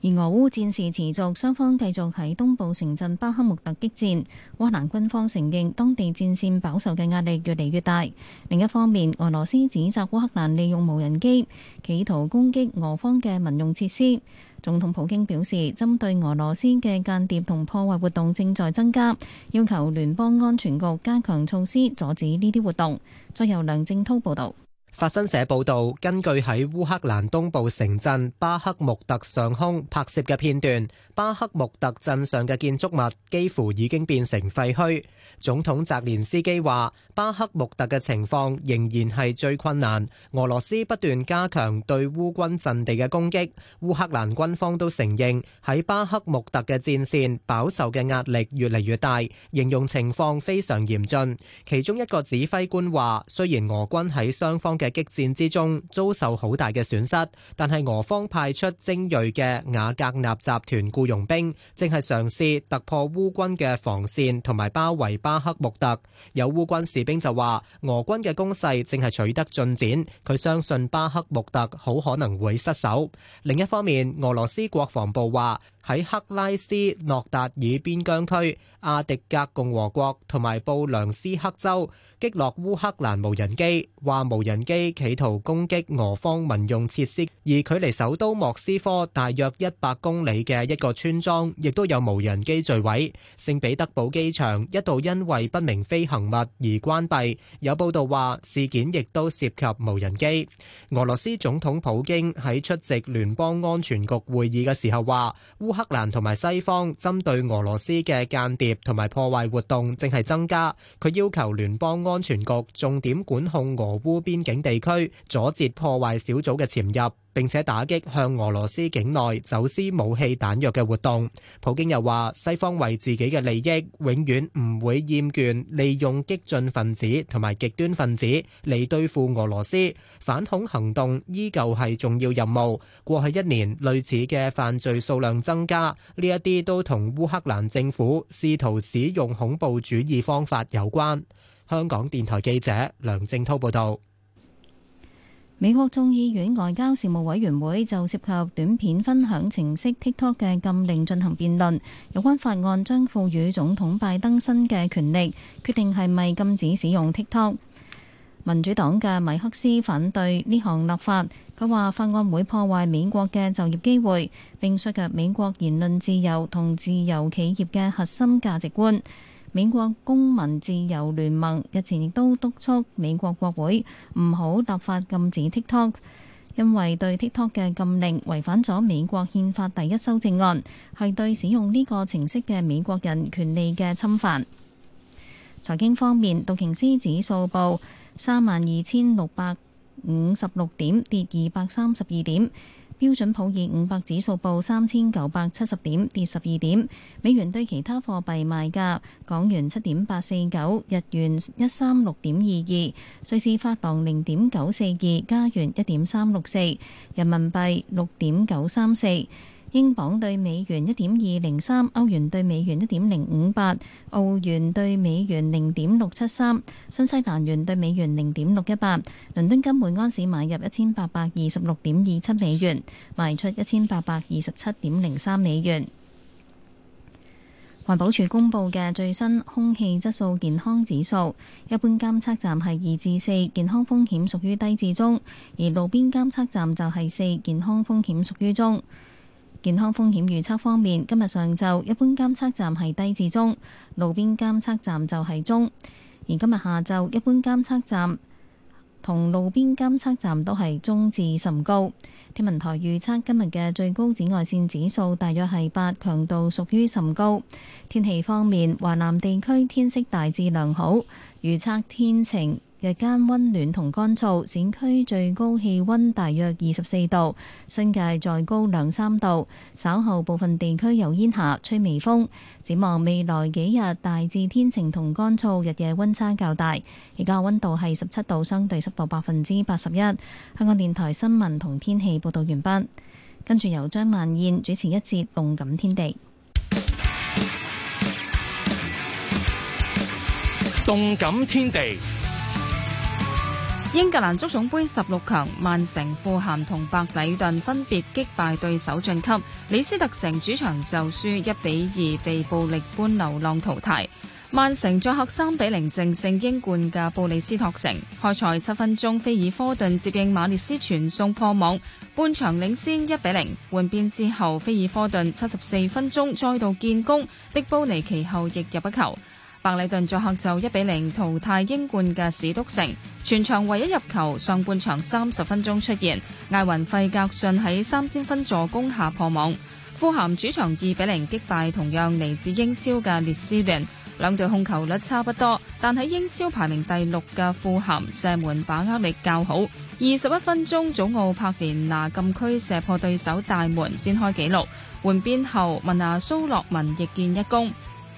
而俄烏戰事持續，雙方繼續喺東部城鎮巴赫穆特激戰。烏克蘭軍方承認當地戰線飽受嘅壓力越嚟越大。另一方面，俄羅斯指責烏克蘭利用無人機企圖攻擊俄方嘅民用設施。總統普京表示，針對俄羅斯嘅間諜同破壞活動正在增加，要求聯邦安全局加強措施，阻止呢啲活動。再由梁正滔報導。法新社報導，根據喺烏克蘭東部城鎮巴克穆特上空拍攝嘅片段。巴克穆特鎮上嘅建築物幾乎已經變成廢墟。總統澤連斯基話：巴克穆特嘅情況仍然係最困難。俄羅斯不斷加強對烏軍陣地嘅攻擊。烏克蘭軍方都承認喺巴克穆特嘅戰線飽受嘅壓力越嚟越大，形容情況非常嚴峻。其中一個指揮官話：雖然俄軍喺雙方嘅激戰之中遭受好大嘅損失，但係俄方派出精鋭嘅瓦格納集團顧。用兵正係嘗試突破烏軍嘅防線同埋包圍巴克穆特。有烏軍士兵就話，俄軍嘅攻勢正係取得進展，佢相信巴克穆特好可能會失守。另一方面，俄羅斯國防部話。喺克拉斯諾達爾邊疆區、阿迪格共和國同埋布良斯克州擊落烏克蘭無人機，話無人機企圖攻擊俄方民用設施，而距離首都莫斯科大約一百公里嘅一個村莊亦都有無人機墜毀。聖彼得堡機場一度因為不明飛行物而關閉，有報道話事件亦都涉及無人機。俄羅斯總統普京喺出席聯邦安全局會議嘅時候話烏克蘭同埋西方針對俄羅斯嘅間諜同埋破壞活動正係增加，佢要求聯邦安全局重點管控俄烏邊境地區，阻截破壞小組嘅潛入。並且打擊向俄羅斯境內走私武器彈藥嘅活動。普京又話：西方為自己嘅利益，永遠唔會厭倦利用激進分子同埋極端分子嚟對付俄羅斯。反恐行動依舊係重要任務。過去一年，類似嘅犯罪數量增加，呢一啲都同烏克蘭政府試圖使用恐怖主義方法有關。香港電台記者梁正滔報道。美國眾議院外交事務委員會就涉及短片分享程式 TikTok 嘅禁令進行辯論，有關法案將賦予總統拜登新嘅權力，決定係咪禁止使用 TikTok。民主黨嘅米克斯反對呢項立法，佢話法案會破壞美國嘅就業機會，並削弱美國言論自由同自由企業嘅核心價值觀。美國公民自由聯盟日前亦都督促美國國會唔好立法禁止 TikTok，因為對 TikTok 嘅禁令違反咗美國憲法第一修正案，係對使用呢個程式嘅美國人權利嘅侵犯。財經方面，道瓊斯指數報三萬二千六百五十六點，跌二百三十二點。標準普爾五百指數報三千九百七十點，跌十二點。美元對其他貨幣賣價：港元七點八四九，日元一三六點二二，瑞士法郎零點九四二，加元一點三六四，人民幣六點九三四。英鎊對美元一點二零三，歐元對美元一點零五八，澳元對美元零點六七三，新西蘭元對美元零點六一八。倫敦金每安士買入一千八百二十六點二七美元，賣出一千八百二十七點零三美元。環保署公布嘅最新空氣質素健康指數，一般監測站係二至四，健康風險屬於低至中；而路邊監測站就係四，健康風險屬於中。健康風險預測方面，今日上晝一般監測站係低至中，路邊監測站就係中。而今日下晝一般監測站同路邊監測站都係中至甚高。天文台預測今日嘅最高紫外線指數大約係八，強度屬於甚高。天氣方面，華南地區天色大致良好，預測天晴。日間溫暖同乾燥，市區最高氣溫大約二十四度，新界再高兩三度。稍後部分地區有煙霞，吹微風。展望未來幾日，大致天晴同乾燥，日夜温差較大。而家温度係十七度，相對濕度百分之八十一。香港電台新聞同天氣報道完畢。跟住由張萬燕主持一節《動感天地》。《動感天地》英格蘭足總杯十六強，曼城、富咸同白禮頓分別擊敗對手晉級。李斯特城主場就輸一比二，被布力般流浪淘汰。曼城作客三比零正勝英冠嘅布里斯托城。開賽七分鐘，菲爾科頓接應馬列斯傳送破網，半場領先一比零。換邊之後，菲爾科頓七十四分鐘再度建功，迪布尼其後亦入一球。白里頓作客就一比零淘汰英冠嘅史篤城，全場唯一入球，上半場三十分鐘出現。艾雲費格遜喺三千分助攻下破網。富咸主場二比零擊敗同樣嚟自英超嘅列斯聯，兩隊控球率差不多，但喺英超排名第六嘅富咸射門把握力較好。二十一分鐘，祖奧柏連拿禁區射破對手大門先開紀錄，換邊後文阿蘇洛文亦建一功。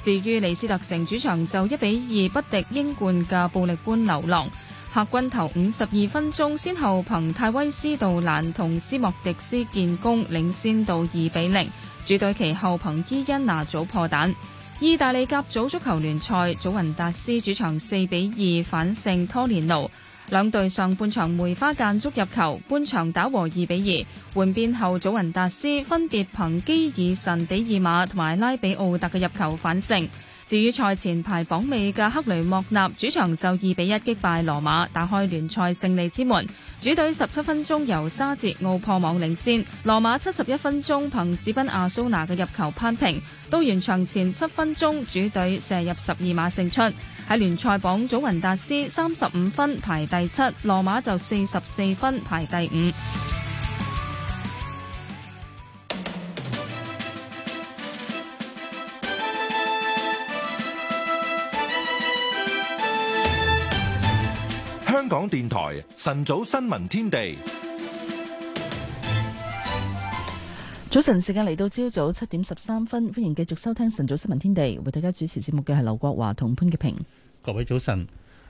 至於利斯特城主場就一比二不敵英冠嘅暴力官流浪，客軍頭五十二分鐘先後憑泰威斯杜蘭同斯莫迪斯建功，領先到二比零。主隊其後憑伊恩拿早破蛋。意大利甲組足球聯賽，祖雲達斯主場四比二反勝拖連奴。兩隊上半場梅花間竹入球，半場打和二比二。換邊後，祖雲達斯分別憑基爾神比爾馬同埋拉比奧特嘅入球反勝。至於賽前排榜尾嘅克雷莫納主場就二比一擊敗羅馬，打開聯賽勝利之門。主隊十七分鐘由沙捷奧破網領先，羅馬七十一分鐘憑史賓阿蘇拿嘅入球扳平，到完場前七分鐘主隊射入十二碼勝出。喺聯賽榜，祖雲達斯三十五分排第七，羅馬就四十四分排第五。香港電台晨早新聞天地。早晨，時間嚟到朝早七點十三分，歡迎繼續收聽晨早新聞天地。為大家主持節目嘅係劉國華同潘潔平。各位早晨。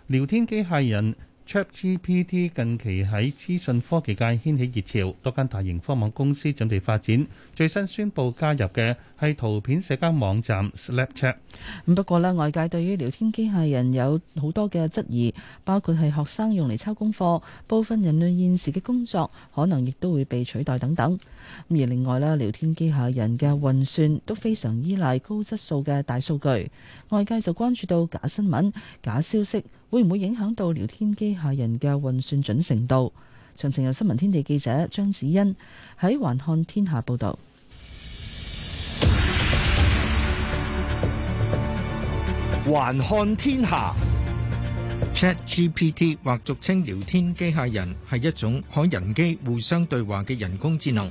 聊天機械人 ChatGPT 近期喺資訊科技界掀起熱潮，多間大型科網公司準備發展。最新宣布加入嘅係圖片社交網站 Snapchat。不過咧，外界對於聊天機械人有好多嘅質疑，包括係學生用嚟抄功課，部分人類現時嘅工作可能亦都會被取代等等。而另外啦，聊天機械人嘅運算都非常依賴高質素嘅大數據。外界就關注到假新聞、假消息會唔會影響到聊天機械人嘅運算準成度。詳情由新聞天地記者張子欣喺《環看天下》報導，《環看天下》ChatGPT 或俗稱聊天機械人係一種可人機互相對話嘅人工智能。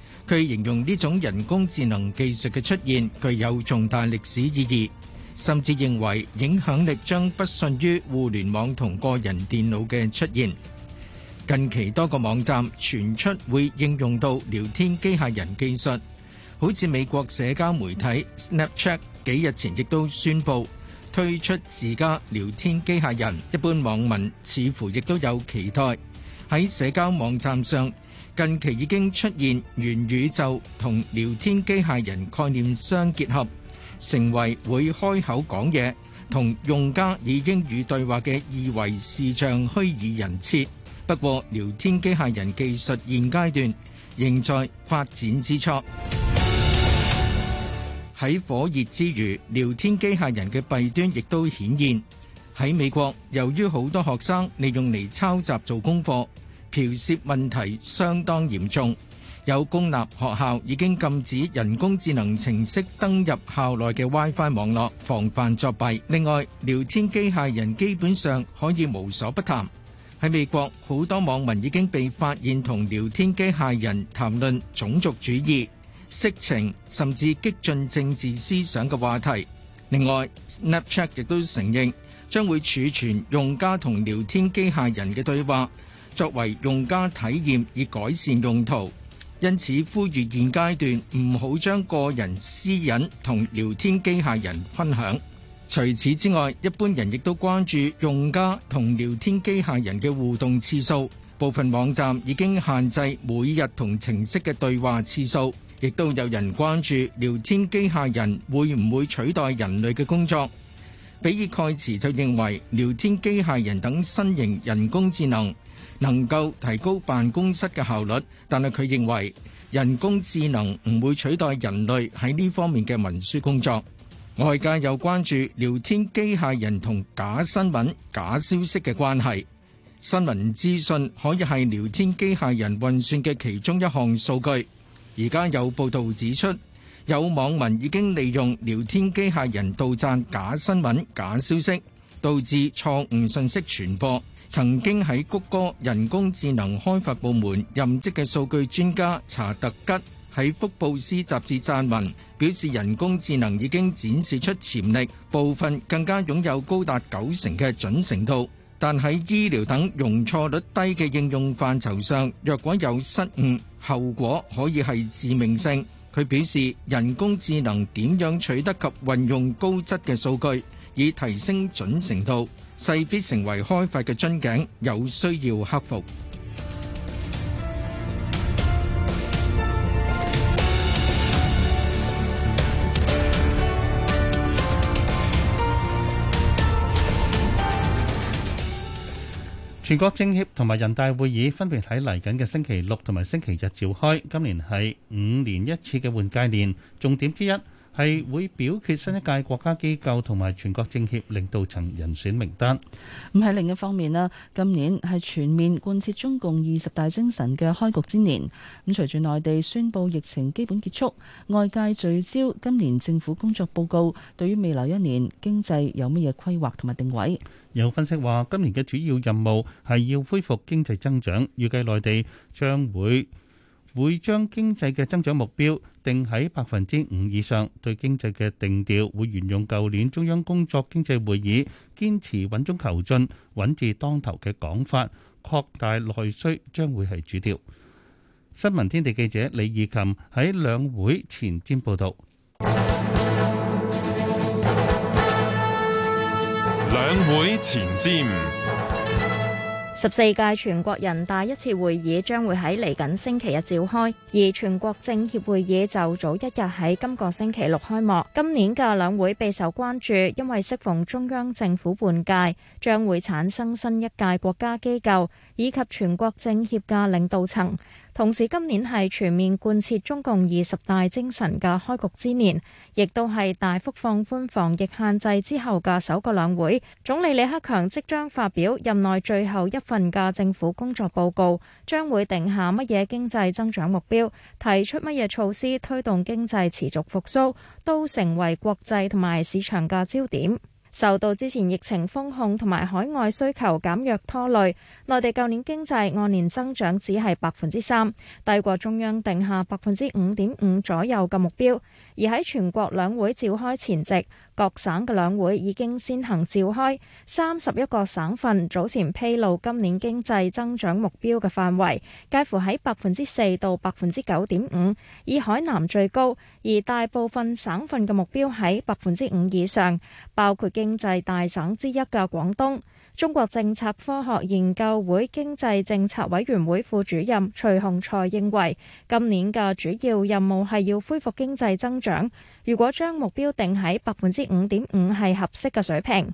佢形容呢種人工智能技術嘅出現具有重大歷史意義，甚至認為影響力將不遜於互聯網同個人電腦嘅出現。近期多個網站傳出會應用到聊天機械人技術，好似美國社交媒體 Snapchat 幾日前亦都宣布推出自家聊天機械人。一般網民似乎亦都有期待喺社交網站上。近期已經出現元宇宙同聊天機械人概念相結合，成為會開口講嘢同用家以英語對話嘅二維視像虛擬人設。不過，聊天機械人技術現階段仍在發展之初。喺火熱之餘，聊天機械人嘅弊端亦都顯現。喺美國，由於好多學生利用嚟抄襲做功課。剽竊問題相當嚴重，有公立學校已經禁止人工智能程式登入校內嘅 WiFi 網絡，防範作弊。另外，聊天機械人基本上可以無所不談。喺美國，好多網民已經被發現同聊天機械人談論種族主義、色情，甚至激進政治思想嘅話題。另外，Snapchat 亦都承認將會儲存用家同聊天機械人嘅對話。作為用家體驗，以改善用途，因此呼籲現階段唔好將個人私隱同聊天機械人分享。除此之外，一般人亦都關注用家同聊天機械人嘅互動次數。部分網站已經限制每日同程式嘅對話次數，亦都有人關注聊天機械人會唔會取代人類嘅工作。比爾蓋茨就認為，聊天機械人等新型人工智能。能夠提高辦公室嘅效率，但係佢認為人工智能唔會取代人類喺呢方面嘅文書工作。外界有關注聊天機械人同假新聞、假消息嘅關係。新聞資訊可以係聊天機械人運算嘅其中一項數據。而家有報道指出，有網民已經利用聊天機械人杜撰假新聞、假消息，導致錯誤信息傳播。曾經喺谷歌人工智能開發部門任職嘅數據專家查特吉喺福布斯雜誌撰文表示，人工智能已經展示出潛力，部分更加擁有高達九成嘅準成度。但喺醫療等容錯率低嘅應用範疇上，若果有失誤，後果可以係致命性。佢表示，人工智能點樣取得及運用高質嘅數據，以提升準成度。勢必成為開發嘅樽頸，有需要克服。全國政協同埋人大會議分別喺嚟緊嘅星期六同埋星期日召開，今年係五年一次嘅換屆年，重點之一。係會表決新一屆國家機構同埋全國政協領導層人選名單。咁喺另一方面呢，今年係全面貫徹中共二十大精神嘅開局之年。咁隨住內地宣布疫情基本結束，外界聚焦今年政府工作報告，對於未來一年經濟有乜嘢規劃同埋定位？有分析話，今年嘅主要任務係要恢復經濟增長，預計內地將會。會將經濟嘅增長目標定喺百分之五以上，對經濟嘅定調會沿用舊年中央工作經濟會議堅持穩中求進、穩字當頭嘅講法，擴大內需將會係主調。新聞天地記者李義琴喺兩會前瞻報道。兩會前瞻。十四屆全國人大一次會議將會喺嚟緊星期日召開，而全國政協會議就早一日喺今個星期六開幕。今年嘅兩會備受關注，因為適逢中央政府換屆，將會產生新一屆國家機構以及全國政協嘅領導層。同時，今年係全面貫徹中共二十大精神嘅開局之年，亦都係大幅放寬防疫限制之後嘅首個兩會。總理李克強即將發表任內最後一份嘅政府工作報告，將會定下乜嘢經濟增長目標，提出乜嘢措施推動經濟持續復甦，都成為國際同埋市場嘅焦點。受到之前疫情封控同埋海外需求減弱拖累，內地舊年經濟按年增長只係百分之三，低過中央定下百分之五點五左右嘅目標。而喺全國兩會召開前夕，各省嘅兩會已經先行召開。三十一個省份早前披露今年經濟增長目標嘅範圍，介乎喺百分之四到百分之九點五，以海南最高。而大部分省份嘅目標喺百分之五以上，包括經濟大省之一嘅廣東。中國政策科學研究會經濟政策委員會副主任徐洪才認為，今年嘅主要任務係要恢復經濟增長，如果將目標定喺百分之五點五係合適嘅水平。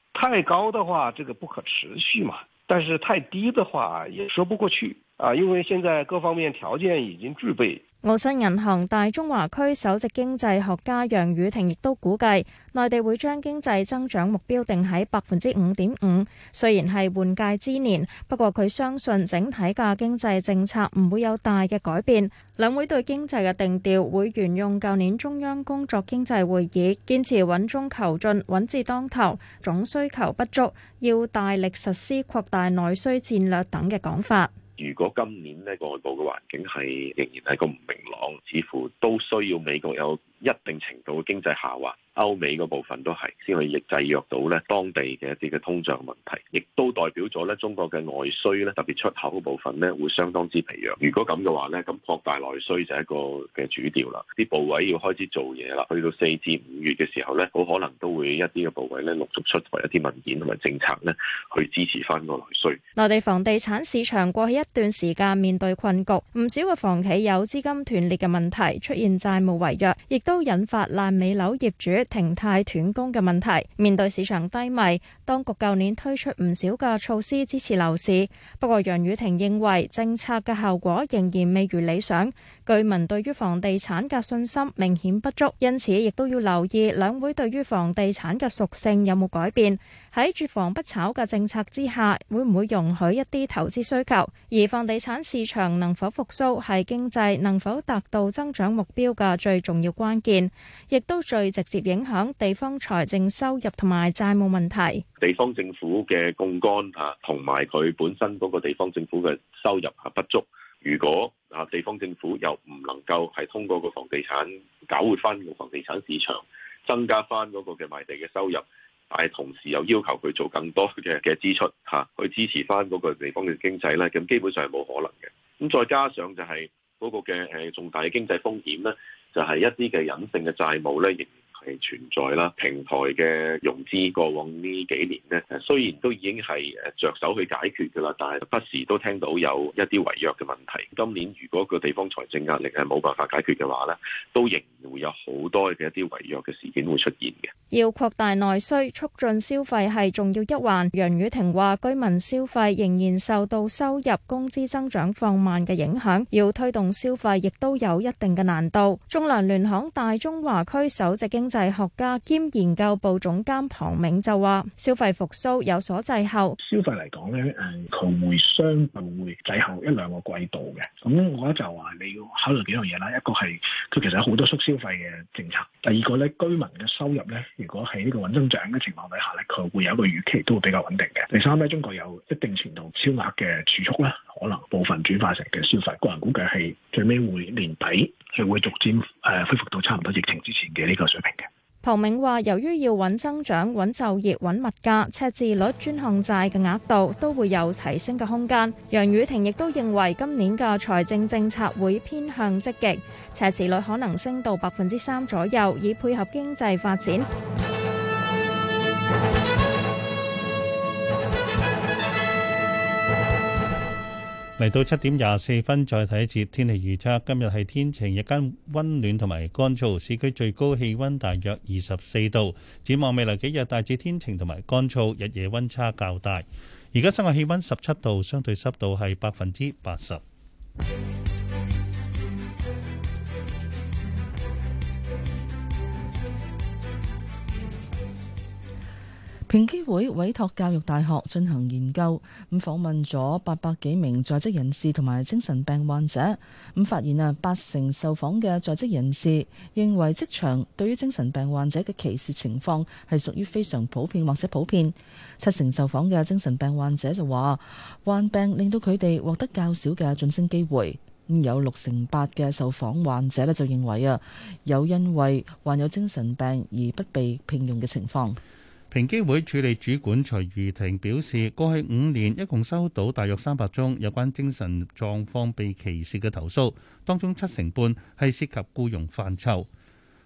太高的話，這個不可持續嘛。但是太低的話，也說不過去啊。因為現在各方面條件已經具備。澳新銀行大中華區首席經濟學家楊宇霆亦都估計，內地會將經濟增長目標定喺百分之五點五。雖然係換屆之年，不過佢相信整體嘅經濟政策唔會有大嘅改變。兩會對經濟嘅定調會沿用舊年中央工作經濟會議堅持穩中求進、穩字當頭、總需求不足，要大力實施擴大內需戰略等嘅講法。如果今年呢個外部嘅環境係仍然係咁唔明朗，似乎都需要美國有。一定程度嘅經濟下滑，歐美個部分都係先可以制約到咧當地嘅一啲嘅通脹問題，亦都代表咗咧中國嘅內需咧，特別出口部分咧會相當之疲弱。如果咁嘅話咧，咁擴大內需就係一個嘅主調啦。啲部位要開始做嘢啦，去到四至五月嘅時候咧，好可能都會一啲嘅部位咧陸續出台一啲文件同埋政策咧，去支持翻個內需。內地房地產市場過去一段時間面對困局，唔少嘅房企有資金斷裂嘅問題，出現債務違約，亦都。都引發爛尾樓業主停貸斷供嘅問題。面對市場低迷，當局舊年推出唔少嘅措施支持樓市。不過，楊雨婷認為政策嘅效果仍然未如理想。居民對於房地產嘅信心明顯不足，因此亦都要留意兩會對於房地產嘅屬性有冇改變。喺住房不炒嘅政策之下，會唔會容許一啲投資需求？而房地產市場能否復甦，係經濟能否達到增長目標嘅最重要關鍵，亦都最直接影響地方財政收入同埋債務問題。地方政府嘅槓桿啊，同埋佢本身嗰個地方政府嘅收入啊不足。如果啊，地方政府又唔能夠係通過個房地產搞活翻個房地產市場，增加翻嗰個嘅賣地嘅收入。但係同時又要求佢做更多嘅嘅支出嚇、啊，去支持返嗰個地方嘅經濟咧，咁基本上係冇可能嘅。咁再加上就係嗰個嘅誒重大嘅經濟風險咧，就係、是、一啲嘅隱性嘅債務咧，亦。係存在啦，平台嘅融資過往呢幾年咧，雖然都已經係誒着手去解決㗎啦，但係不時都聽到有一啲違約嘅問題，今年如果個地方財政壓力係冇辦法解決嘅話咧，都仍然會有好多嘅一啲違約嘅事件會出現嘅。要擴大內需、促進消費係重要一環，楊宇霆話居民消費仍然受到收入、工資增長放慢嘅影響，要推動消費亦都有一定嘅難度。中南聯行大中華區首席經經濟學家兼研究部總監龐明就話：消費復蘇有所滯後，消費嚟講咧，誒，佢會相對會滯後一兩個季度嘅。咁我覺得就話你要考慮幾樣嘢啦，一個係佢其實有好多促消費嘅政策，第二個咧居民嘅收入咧，如果喺呢個穩增長嘅情況底下咧，佢會有一個預期都會比較穩定嘅。第三咧，中國有一定程度超額嘅儲蓄咧，可能部分轉化成嘅消費，個人估計係最尾會年底。係會逐漸誒恢復到差唔多疫情之前嘅呢個水平嘅。彭銘話：由於要穩增長、穩就業、穩物價，赤字率專項債嘅額度都會有提升嘅空間。楊雨婷亦都認為今年嘅財政政策會偏向積極，赤字率可能升到百分之三左右，以配合經濟發展。 嚟到七點廿四分再睇一次天氣預測。今日係天晴日間溫暖同埋乾燥，市區最高氣温大約二十四度。展望未來幾日大致天晴同埋乾燥，日夜温差較大。而家室外氣温十七度，相對濕度係百分之八十。平機會委託教育大學進行研究，咁訪問咗八百幾名在職人士同埋精神病患者，咁發現啊，八成受訪嘅在職人士認為職場對於精神病患者嘅歧視情況係屬於非常普遍或者普遍。七成受訪嘅精神病患者就話，患病令到佢哋獲得較少嘅晉升機會。咁有六成八嘅受訪患者呢就認為啊，有因為患有精神病而不被聘用嘅情況。平機會處理主管徐如庭表示，過去五年一共收到大約三百宗有關精神狀況被歧視嘅投訴，當中七成半係涉及僱傭範疇。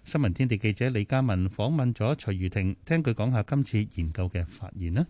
新聞天地記者李嘉文訪問咗徐如庭，聽佢講下今次研究嘅發現啦。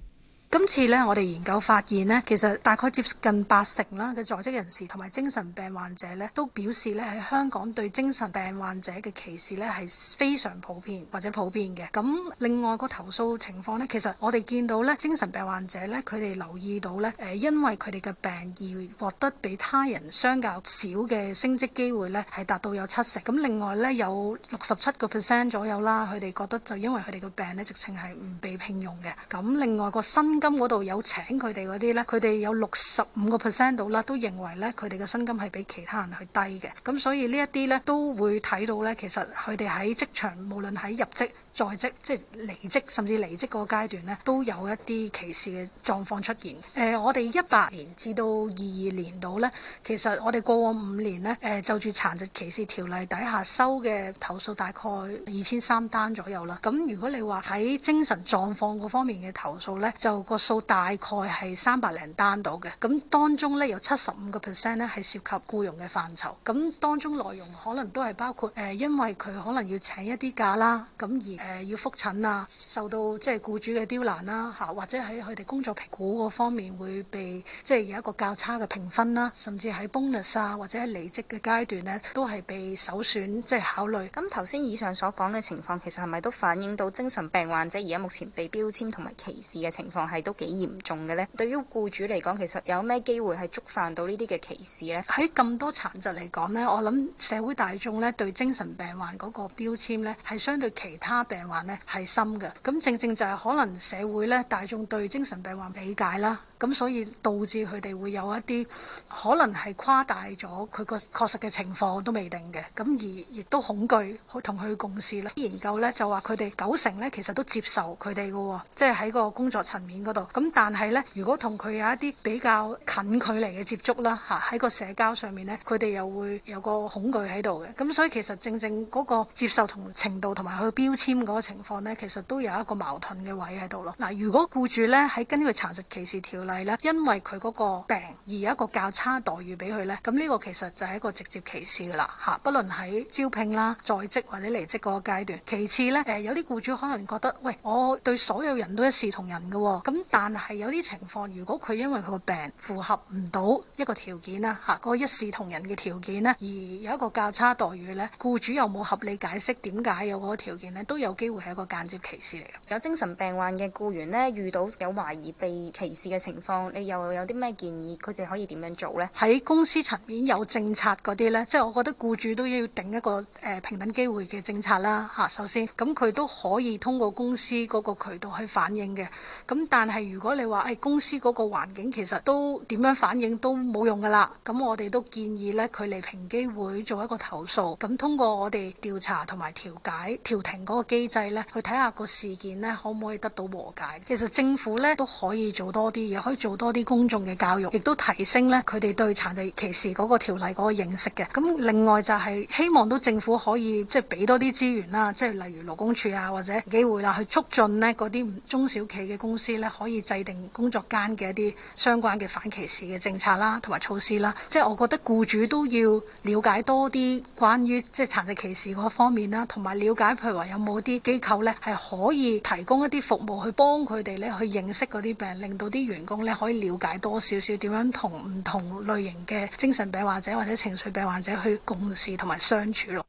今次咧，我哋研究發現咧，其實大概接近八成啦嘅在職人士同埋精神病患者咧，都表示咧喺香港對精神病患者嘅歧視咧係非常普遍或者普遍嘅。咁另外個投訴情況咧，其實我哋見到咧，精神病患者咧，佢哋留意到咧，誒因為佢哋嘅病而獲得比他人相較少嘅升職機會咧，係達到有七成。咁另外咧有六十七個 percent 左右啦，佢哋覺得就因為佢哋嘅病咧，直情係唔被聘用嘅。咁另外個新薪金嗰度有請佢哋嗰啲咧，佢哋有六十五個 percent 到啦，都認為咧佢哋嘅薪金係比其他人去低嘅，咁所以呢一啲咧都會睇到咧，其實佢哋喺職場無論喺入職。在職即係離職，甚至離職嗰個階段咧，都有一啲歧視嘅狀況出現。誒、呃，我哋一八年至到二二年度咧，其實我哋過往五年咧，誒、呃、就住殘疾歧視條例底下收嘅投訴大概二千三單左右啦。咁、嗯、如果你話喺精神狀況嗰方面嘅投訴咧，就個數大概係三百零單到嘅。咁、嗯、當中咧有七十五個 percent 咧係涉及僱傭嘅範疇。咁、嗯、當中內容可能都係包括誒、呃，因為佢可能要請一啲假啦，咁、嗯、而、呃誒要覆診啊，受到即係僱主嘅刁難啦、啊、嚇，或者喺佢哋工作評估嗰方面會被即係、就是、有一個較差嘅評分啦、啊，甚至喺 bonus 啊或者喺離職嘅階段呢，都係被首選即係、就是、考慮。咁頭先以上所講嘅情況，其實係咪都反映到精神病患者而家目前被標籤同埋歧視嘅情況係都幾嚴重嘅呢？對於僱主嚟講，其實有咩機會係觸犯到呢啲嘅歧視呢？喺咁多殘疾嚟講呢，我諗社會大眾呢對精神病患嗰個標籤呢係相對其他病患呢係深嘅，咁正正就係可能社會呢，大眾對精神病患理解啦。咁所以導致佢哋會有一啲可能係誇大咗佢個確實嘅情況都未定嘅，咁而亦都恐懼同佢共事啦。研究呢，就話佢哋九成呢，其實都接受佢哋嘅，即係喺個工作層面嗰度。咁但係呢，如果同佢有一啲比較近距離嘅接觸啦，嚇喺個社交上面呢，佢哋又會有個恐懼喺度嘅。咁所以其實正正嗰個接受同程度同埋佢標籤嗰個情況呢，其實都有一個矛盾嘅位喺度咯。嗱，如果僱主呢，喺根據殘疾歧視條例咧，因為佢嗰個病而有一個較差待遇俾佢咧，咁呢個其實就係一個直接歧視噶啦吓。不論喺招聘啦、在職或者離職嗰個階段。其次咧，誒、呃、有啲僱主可能覺得，喂，我對所有人都一視同仁嘅，咁但係有啲情況，如果佢因為佢個病符合唔到一個條件啦吓、嗰個一視同仁嘅條件咧，而有一個較差待遇咧，僱主又冇合理解釋點解有個條件咧，都有機會係一個間接歧視嚟嘅。有精神病患嘅僱員咧，遇到有懷疑被歧視嘅情。情況你又有啲咩建議？佢哋可以點樣做呢？喺公司層面有政策嗰啲呢，即係我覺得僱主都要定一個誒、呃、平等機會嘅政策啦。嚇，首先咁佢都可以通過公司嗰個渠道去反映嘅。咁但係如果你話誒公司嗰個環境其實都點樣反映都冇用噶啦。咁我哋都建議呢，佢嚟平機會做一個投訴。咁通過我哋調查同埋調解調停嗰個機制呢，去睇下個事件呢，可唔可以得到和解。其實政府呢，都可以做多啲嘢。可以做多啲公眾嘅教育，亦都提升咧佢哋對殘疾歧視嗰個條例嗰個認識嘅。咁另外就係希望都政府可以即係俾多啲資源啦，即係例如勞工處啊或者機會啦，去促進咧嗰啲中小企嘅公司咧可以制定工作間嘅一啲相關嘅反歧視嘅政策啦同埋措施啦。即係我覺得僱主都要了解多啲關於即係殘疾歧視嗰方面啦，同埋了解譬如話有冇啲機構咧係可以提供一啲服務去幫佢哋咧去認識嗰啲病，令到啲員工。你可以了解多少少點樣同唔同類型嘅精神病患者或者情緒病患者去共事同埋相處咯。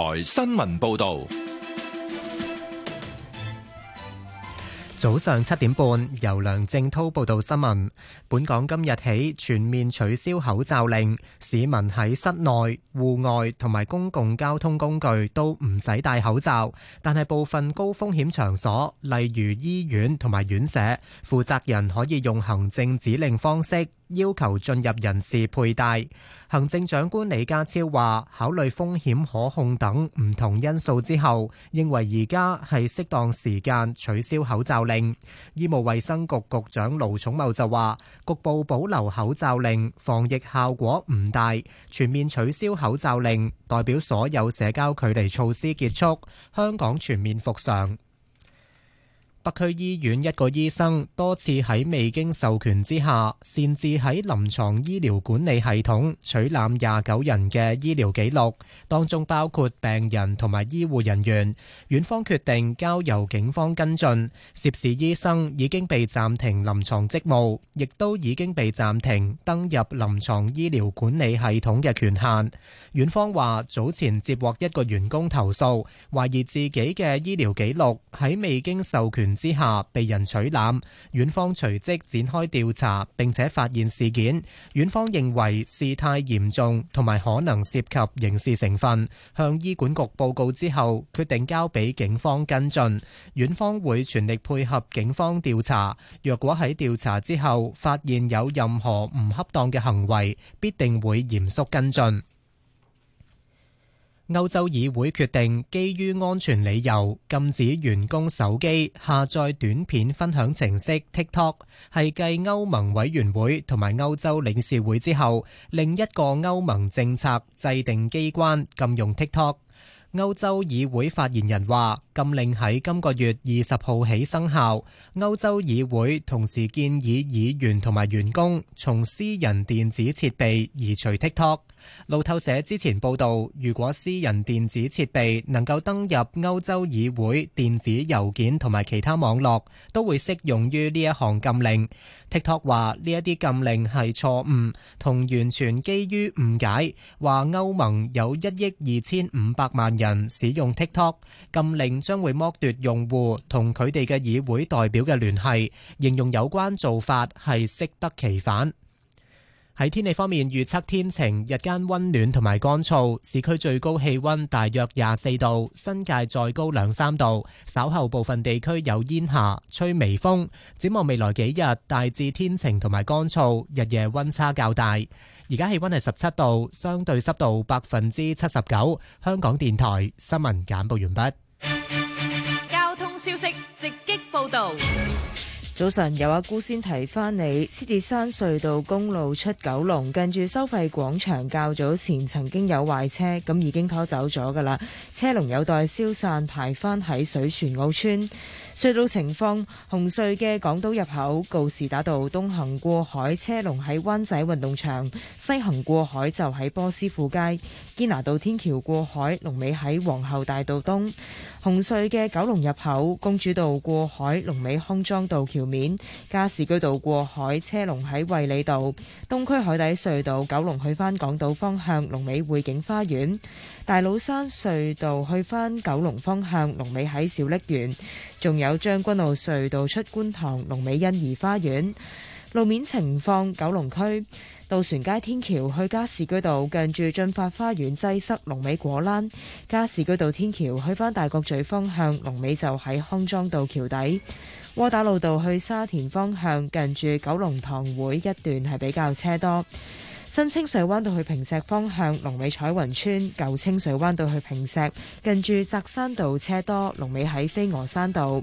台新聞報道，早上七點半由梁正滔報道新聞。本港今日起全面取消口罩令，市民喺室內、戶外同埋公共交通工具都唔使戴口罩，但係部分高風險場所，例如醫院同埋院舍，負責人可以用行政指令方式，要求進入人士佩戴。行政長官李家超話：考慮風險可控等唔同因素之後，認為而家係適當時間取消口罩令。醫務衛生局局長盧寵茂就話：局部保留口罩令防疫效果唔大，全面取消口罩令代表所有社交距離措施結束，香港全面復常。北區醫院一個醫生多次喺未經授權之下，擅自喺臨床醫療管理系統取覽廿九人嘅醫療記錄，當中包括病人同埋醫護人員。院方決定交由警方跟進，涉事醫生已經被暫停臨床職務，亦都已經被暫停登入臨床醫療管理系統嘅權限。院方話早前接獲一個員工投訴，懷疑自己嘅醫療記錄喺未經授權。之下被人取攬，院方隨即展開調查，並且發現事件。院方認為事態嚴重，同埋可能涉及刑事成分，向醫管局報告之後，決定交俾警方跟進。院方會全力配合警方調查，若果喺調查之後發現有任何唔恰當嘅行為，必定會嚴肅跟進。歐洲議會決定，基於安全理由禁止員工手機下載短片分享程式 TikTok，係繼歐盟委員會同埋歐洲理事會之後另一個歐盟政策制定機關禁用 TikTok。歐洲議會發言人話，禁令喺今個月二十號起生效。歐洲議會同時建議議員同埋員工從私人電子設備移除 TikTok。路透社之前報道，如果私人電子設備能夠登入歐洲議會電子郵件同埋其他網絡，都會適用於呢一項禁令。TikTok 話呢一啲禁令係錯誤同完全基於誤解，話歐盟有一億二千五百萬人使用 TikTok，ok, 禁令將會剝奪用戶同佢哋嘅議會代表嘅聯繫，形容有關做法係適得其反。.喺天氣方面，預測天晴，日間溫暖同埋乾燥，市區最高氣溫大約廿四度，新界再高兩三度。稍後部分地區有煙霞，吹微風。展望未來幾日，大致天晴同埋乾燥，日夜溫差較大。而家氣溫係十七度，相對濕度百分之七十九。香港電台新聞簡報完畢。交通消息直擊報道。早晨，有阿姑先提翻你，獅子山隧道公路出九龍，近住收費廣場，較早前曾經有壞車，咁已經拖走咗噶啦，車龍有待消散，排返喺水泉澳村。隧道情況，紅隧嘅港島入口告士打道東行過海車龍喺灣仔運動場，西行過海就喺波斯富街，堅拿道天橋過海龍尾喺皇后大道東。紅隧嘅九龍入口公主道過海龍尾康莊道橋面，加士居道過海車龍喺衛理道，東區海底隧道九龍去翻港島方向龍尾匯景花園。大老山隧道去返九龍方向，龍尾喺小瀝源；仲有將軍澳隧道出觀塘，龍尾欣怡花園。路面情況，九龍區渡船街天橋去加士居道，近住駿發花園擠塞龍，龍尾果欄；加士居道天橋去返大角咀方向，龍尾就喺康莊道橋底；窩打老道去沙田方向，近住九龍塘會一段係比較車多。新清水灣道去坪石方向，龍尾彩雲村；舊清水灣道去坪石，近住澤山道車多，龍尾喺飛鵝山道。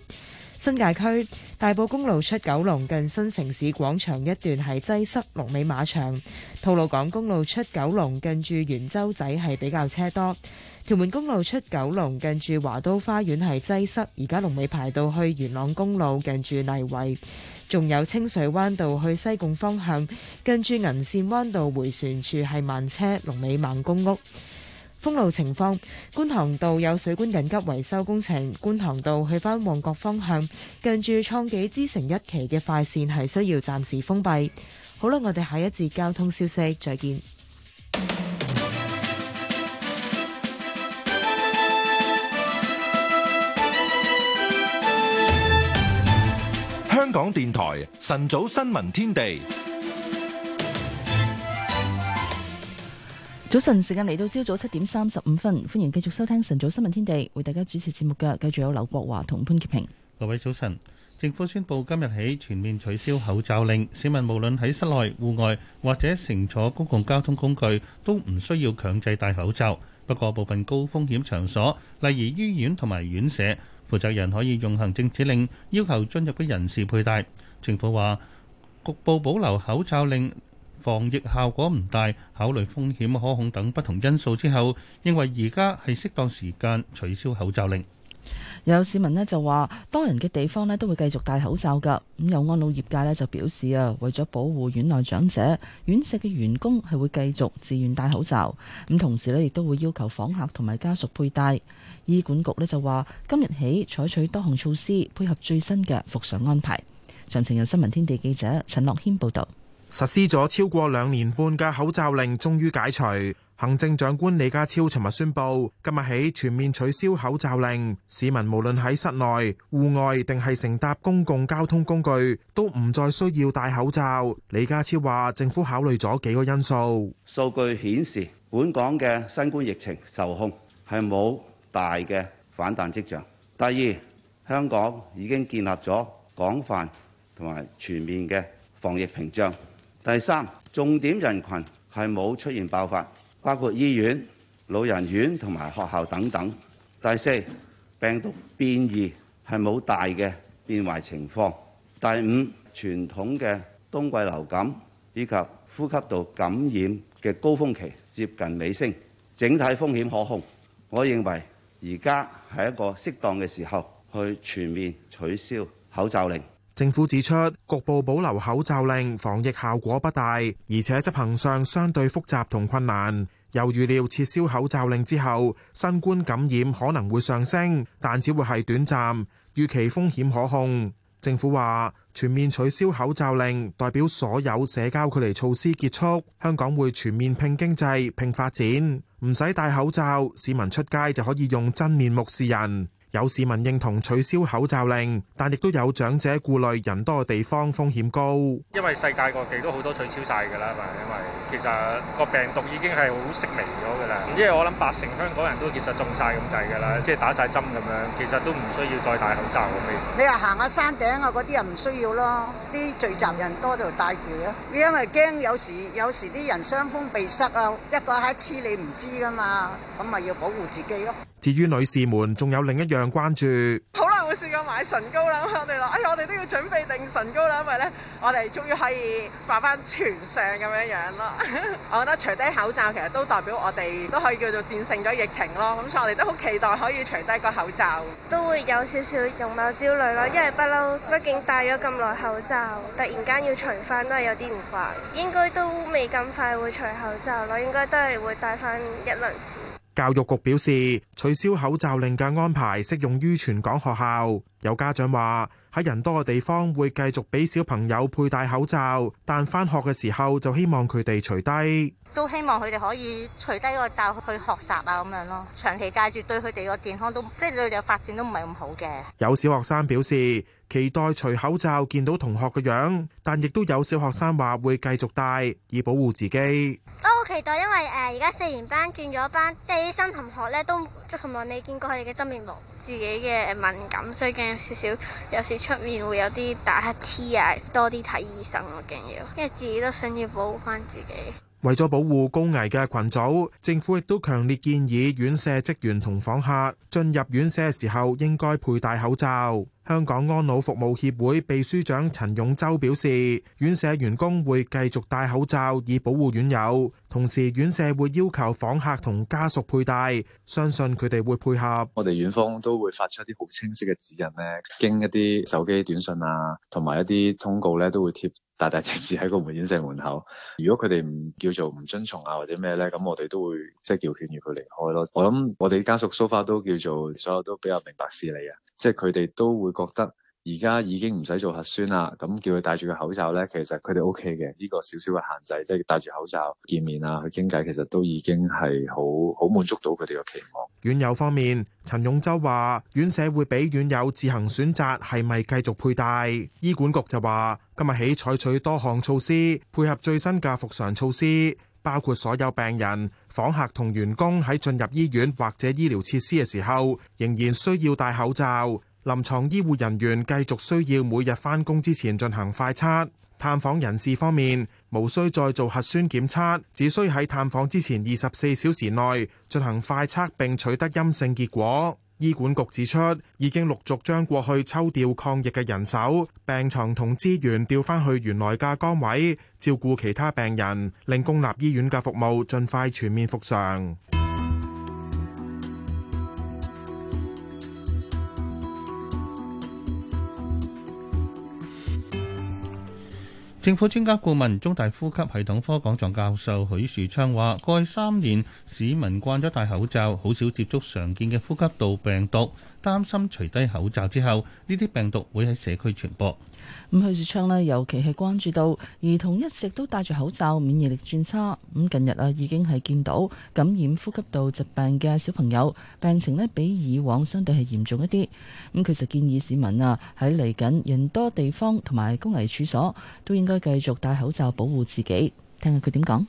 新界區大埔公路出九龍近新城市廣場一段係擠塞，龍尾馬場。吐露港公路出九龍近住圓洲仔係比較車多，屯門公路出九龍近住華都花園係擠塞，而家龍尾排到去元朗公路近住泥圍。仲有清水灣道去西貢方向，近住銀線灣道回旋處係慢車龍尾孟公屋。封路情況，觀塘道有水管緊急維修工程，觀塘道去返旺角方向，近住創紀之城一期嘅快線係需要暫時封閉。好啦，我哋下一節交通消息再見。香港電台晨早新聞天地。早晨，時間嚟到朝早七點三十五分，歡迎繼續收聽晨早新聞天地，為大家主持節目嘅繼續有劉國華同潘潔平。各位早晨，政府宣布今日起全面取消口罩令，市民無論喺室內、戶外或者乘坐公共交通工具，都唔需要強制戴口罩。不過，部分高風險場所，例如醫院同埋院舍，負責人可以用行政指令要求進入嘅人士佩戴。政府話局部保留口罩令，防疫效果唔大，考慮風險可控等不同因素之後，認為而家係適當時間取消口罩令。有市民咧就話，多人嘅地方咧都會繼續戴口罩㗎。咁又安老業界咧就表示啊，為咗保護院內長者，院舍嘅員工係會繼續自願戴口罩。咁同時咧亦都會要求訪客同埋家屬佩戴。醫管局咧就話，今日起採取多項措施，配合最新嘅服常安排。詳情由新聞天地記者陳樂軒報導。實施咗超過兩年半嘅口罩令終於解除，行政長官李家超尋日宣布，今日起全面取消口罩令，市民無論喺室內、戶外定係乘搭公共交通工具，都唔再需要戴口罩。李家超話：政府考慮咗幾個因素，數據顯示，本港嘅新冠疫情受控，係冇大嘅反彈跡象。第二，香港已經建立咗廣泛同埋全面嘅防疫屏障。第三，重點人群係冇出現爆發，包括醫院、老人院同埋學校等等。第四，病毒變異係冇大嘅變壞情況。第五，傳統嘅冬季流感以及呼吸道感染嘅高峰期接近尾聲，整體風險可控。我認為而家係一個適當嘅時候去全面取消口罩令。政府指出，局部保留口罩令防疫效果不大，而且執行上相對複雜同困難。又預料撤銷口罩令之後，新冠感染可能會上升，但只會係短暫，預期風險可控。政府話，全面取消口罩令代表所有社交距離措施結束，香港會全面拼經濟、拼發展，唔使戴口罩，市民出街就可以用真面目示人。有市民認同取消口罩令，但亦都有長者顧慮人多嘅地方風險高。因為世界各地都好多取消晒噶啦嘛，因為其實個病毒已經係好式微咗噶啦。因為我諗八成香港人都其實中晒咁滯噶啦，即係打晒針咁樣，其實都唔需要再戴口罩咁樣。你話行下山頂啊，嗰啲人唔需要咯。啲聚集人多就戴住咯。你因為驚有時有時啲人傷風鼻塞啊，一個係黐你唔知噶嘛，咁咪要保護自己咯。至於女士們，仲有另一樣關注，好耐冇試過買唇膏啦，我哋話，哎呀，我哋都要準備定唇膏啦，因為咧，我哋終於可以化翻全相咁樣樣咯。 我覺得除低口罩其實都代表我哋都可以叫做戰勝咗疫情咯，咁所以我哋都好期待可以除低個口罩。都會有少少容貌焦慮咯，因為不嬲，畢竟戴咗咁耐口罩，突然間要除翻都係有啲唔慣。應該都未咁快會除口罩咯，應該都係會戴翻一輪次。教育局表示，取消口罩令嘅安排適用於全港學校。有家長話：喺人多嘅地方會繼續俾小朋友佩戴口罩，但翻學嘅時候就希望佢哋除低。都希望佢哋可以除低個罩去學習啊咁樣咯。長期戴住對佢哋個健康都，即係對佢哋嘅發展都唔係咁好嘅。有小學生表示。期待除口罩見到同學嘅樣，但亦都有小學生話會繼續戴以保護自己。都好期待，因為誒而家四年班轉咗班，即係啲新同學咧都從來未見過佢哋嘅真面目。自己嘅敏感，所以驚有少少，有時出面會有啲打乞嗤啊，多啲睇醫生我驚要，因為自己都想要保護翻自己。為咗保護高危嘅群組，政府亦都強烈建議院舍職員同訪客進入院舍嘅時候應該佩戴口罩。香港安老服務協會秘書長陳勇洲表示，院舍員工會繼續戴口罩以保護院友，同時院舍會要求訪客同家屬佩戴，相信佢哋會配合。我哋院方都會發出一啲好清晰嘅指引咧，經一啲手機短信啊，同埋一啲通告咧，都會貼。大大隻字喺個門診室門口，如果佢哋唔叫做唔遵從啊或者咩咧，咁我哋都會即係叫勸住佢離開咯。我諗我哋家屬 so far 都叫做所有都比較明白事理嘅，即係佢哋都會覺得。而家已經唔使做核酸啦，咁叫佢戴住個口罩呢，其實佢哋 OK 嘅。呢個小小嘅限制，即係戴住口罩見面啊，去傾偈，其實都已經係好好滿足到佢哋嘅期望。院友方面，陳勇洲話：院社會俾院友自行選擇係咪繼續佩戴。醫管局就話：今日起採取多項措施，配合最新嘅復常措施，包括所有病人、訪客同員工喺進入醫院或者醫療設施嘅時候，仍然需要戴口罩。臨床醫護人員繼續需要每日返工之前進行快測。探訪人士方面，無需再做核酸檢測，只需喺探訪之前二十四小時內進行快測並取得陰性結果。醫管局指出，已經陸續將過去抽調抗疫嘅人手、病床同資源調翻去原來嘅崗位，照顧其他病人，令公立醫院嘅服務盡快全面復常。政府專家顧問、中大呼吸系統科講座教授許樹昌話：過去三年，市民慣咗戴口罩，好少接觸常見嘅呼吸道病毒。擔心除低口罩之後，呢啲病毒會喺社區傳播。咁許樹昌咧，尤其係關注到兒童一直都戴住口罩，免疫力轉差。咁近日啊，已經係見到感染呼吸道疾病嘅小朋友病情呢比以往相對係嚴重一啲。咁其實建議市民啊，喺嚟緊人多地方同埋高危處所都應該繼續戴口罩保護自己。聽下佢點講。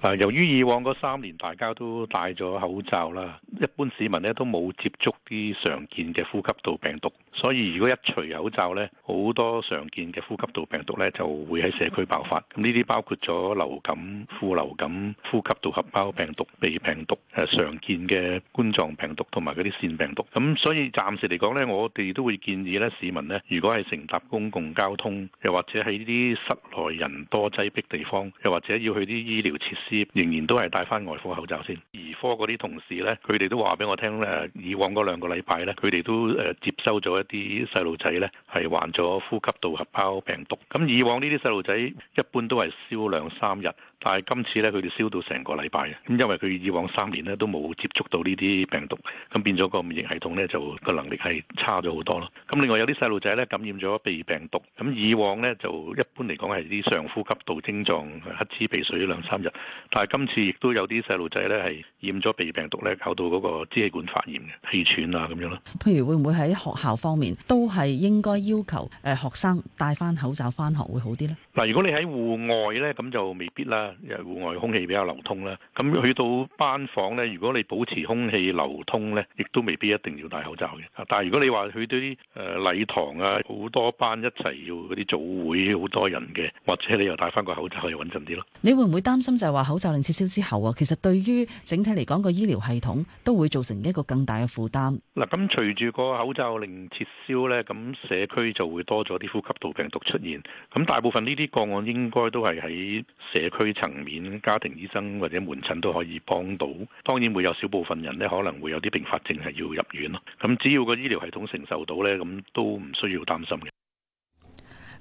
啊！由於以往嗰三年大家都戴咗口罩啦，一般市民咧都冇接觸啲常見嘅呼吸道病毒，所以如果一除口罩咧，好多常見嘅呼吸道病毒咧就會喺社區爆發。咁呢啲包括咗流感、副流感、呼吸道合胞病毒、鼻病毒、誒常見嘅冠狀病毒同埋嗰啲腺病毒。咁所以暫時嚟講咧，我哋都會建議咧市民咧，如果係乘搭公共交通，又或者喺啲室內人多擠迫地方，又或者要去啲醫療設施，仍然都係戴翻外科口罩先。兒科嗰啲同事咧，佢哋都話俾我聽咧，以往嗰兩個禮拜咧，佢哋都誒接收咗一啲細路仔咧，係患咗呼吸道合胞病毒。咁以往呢啲細路仔一般都係燒兩三日。但係今次咧，佢哋燒到成個禮拜啊！咁因為佢以往三年咧都冇接觸到呢啲病毒，咁變咗個免疫系統咧就個能力係差咗好多咯。咁另外有啲細路仔咧感染咗鼻病毒，咁以往咧就一般嚟講係啲上呼吸道症狀，黑黐鼻水兩三日，但係今次亦都有啲細路仔咧係染咗鼻病毒咧，搞到嗰個支氣管發炎嘅氣喘啊咁樣咯。譬如會唔會喺學校方面都係應該要求誒學生戴翻口罩翻學會好啲咧？嗱，如果你喺戶外咧，咁就未必啦。戶外空氣比較流通啦，咁去到班房呢，如果你保持空氣流通呢，亦都未必一定要戴口罩嘅。但係如果你話去到啲誒禮堂啊，好多班一齊要嗰啲組會，好多人嘅，或者你又戴翻個口罩穩，又穩陣啲咯。你會唔會擔心就係話口罩令撤銷之後啊？其實對於整體嚟講個醫療系統都會造成一個更大嘅負擔。嗱，咁隨住個口罩令撤銷呢，咁社區就會多咗啲呼吸道病毒出現。咁大部分呢啲個案應該都係喺社區層面，家庭醫生或者門診都可以幫到。當然會有少部分人呢，可能會有啲併發症，係要入院咯。咁只要個醫療系統承受到呢，咁都唔需要擔心嘅。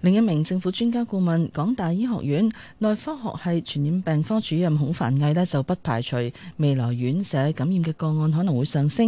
另一名政府專家顧問，港大醫學院內科學系傳染病科主任孔凡毅呢，就不排除未來院舍感染嘅個案可能會上升。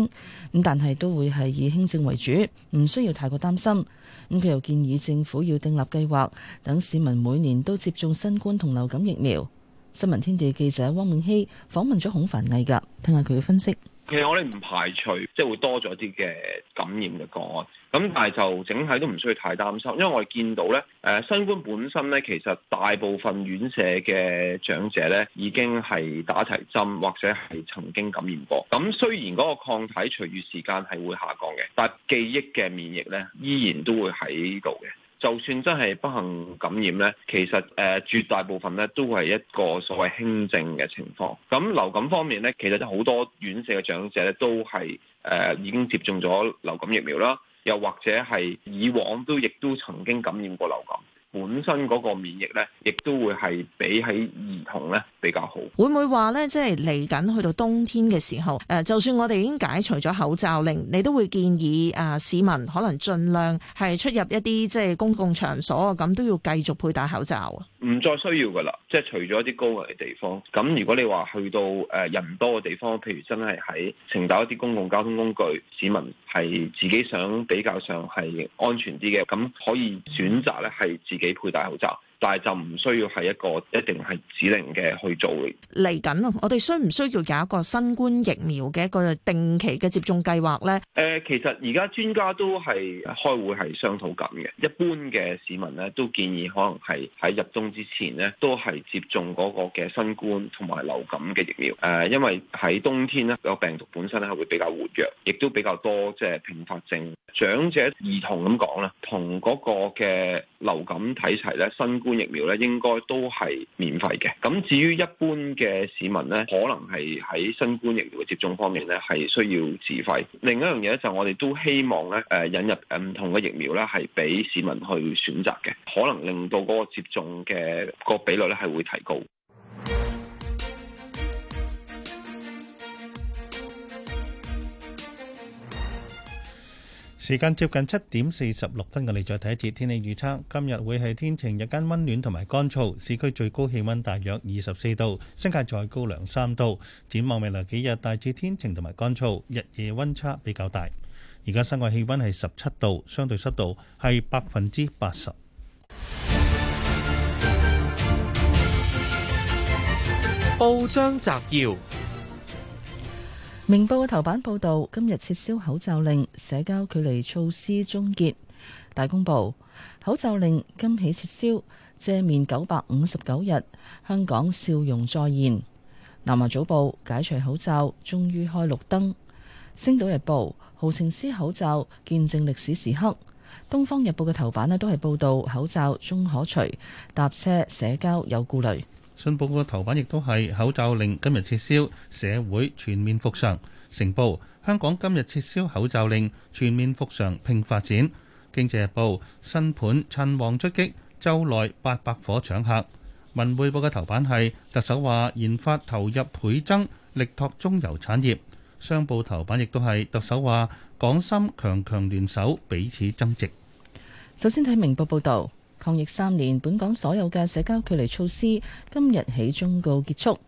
咁但係都會係以輕症為主，唔需要太過擔心。咁佢又建議政府要訂立計劃，等市民每年都接種新冠同流感疫苗。新聞天地記者汪永熙訪問咗孔凡毅㗎，聽下佢嘅分析。其實我哋唔排除即係會多咗啲嘅感染嘅個案，咁但係就整體都唔需要太擔心，因為我哋見到咧，誒，新冠本身咧，其實大部分院舍嘅長者咧，已經係打齊針或者係曾經感染過。咁雖然嗰個抗體隨住時間係會下降嘅，但係記憶嘅免疫咧，依然都會喺度嘅。就算真係不幸感染咧，其實誒絕大部分咧都係一個所謂輕症嘅情況。咁流感方面咧，其實好多院舍嘅長者咧都係誒、呃、已經接種咗流感疫苗啦，又或者係以往都亦都曾經感染過流感。本身嗰個免疫咧，亦都會係比起兒童咧比較好。會唔會話咧，即係嚟緊去到冬天嘅時候，誒就算我哋已經解除咗口罩令，你都會建議啊市民可能盡量係出入一啲即係公共場所，啊，咁都要繼續佩戴口罩啊？唔再需要噶啦，即係除咗一啲高危嘅地方。咁如果你話去到誒人多嘅地方，譬如真係喺乘搭一啲公共交通工具，市民係自己想比較上係安全啲嘅，咁可以選擇咧係自。幾佩戴口罩，但係就唔需要係一個一定係指令嘅，去做。嚟緊，我哋需唔需要有一個新冠疫苗嘅一個定期嘅接種計劃咧？誒、呃，其實而家專家都係開會係商討緊嘅。一般嘅市民咧，都建議可能係喺入冬之前咧，都係接種嗰個嘅新冠同埋流感嘅疫苗。誒、呃，因為喺冬天咧，個病毒本身咧係會比較活躍，亦都比較多即係併發症。長者、兒童咁講咧，同嗰個嘅。流感睇齊咧，新冠疫苗咧應該都係免費嘅。咁至於一般嘅市民咧，可能係喺新冠疫苗嘅接種方面咧，係需要自費。另一樣嘢就係我哋都希望咧，誒引入唔同嘅疫苗咧，係俾市民去選擇嘅，可能令到嗰個接種嘅個比率咧係會提高。時間接近七點四十六分，我哋再睇一次天氣預測。今日會係天晴，日間溫暖同埋乾燥，市區最高氣溫大約二十四度，新界再高兩三度。展望未來幾日，大致天晴同埋乾燥，日夜溫差比較大。而家室外氣溫係十七度，相對濕度係百分之八十。報章摘要。明報嘅頭版報導，今日撤銷口罩令，社交距離措施終結。大公報，口罩令今起撤銷，遮面九百五十九日，香港笑容再現。南華早報，解除口罩，終於開綠燈。星島日報，豪情撕口罩，見證歷史時刻。東方日報嘅頭版咧都係報導口罩終可除，搭車社交有顧慮。信報嘅頭版亦都係口罩令今日撤銷，社會全面復常。成報香港今日撤銷口罩令，全面復常，拼發展。經濟日報新盤趁旺出擊，週內八百夥搶客。文匯報嘅頭版係特首話研發投入倍增，力拓中游產業。商報頭版亦都係特首話港深強強聯手，彼此增值。首先睇明報報導。抗疫三年，本港所有嘅社交距離措施今日起終告結束。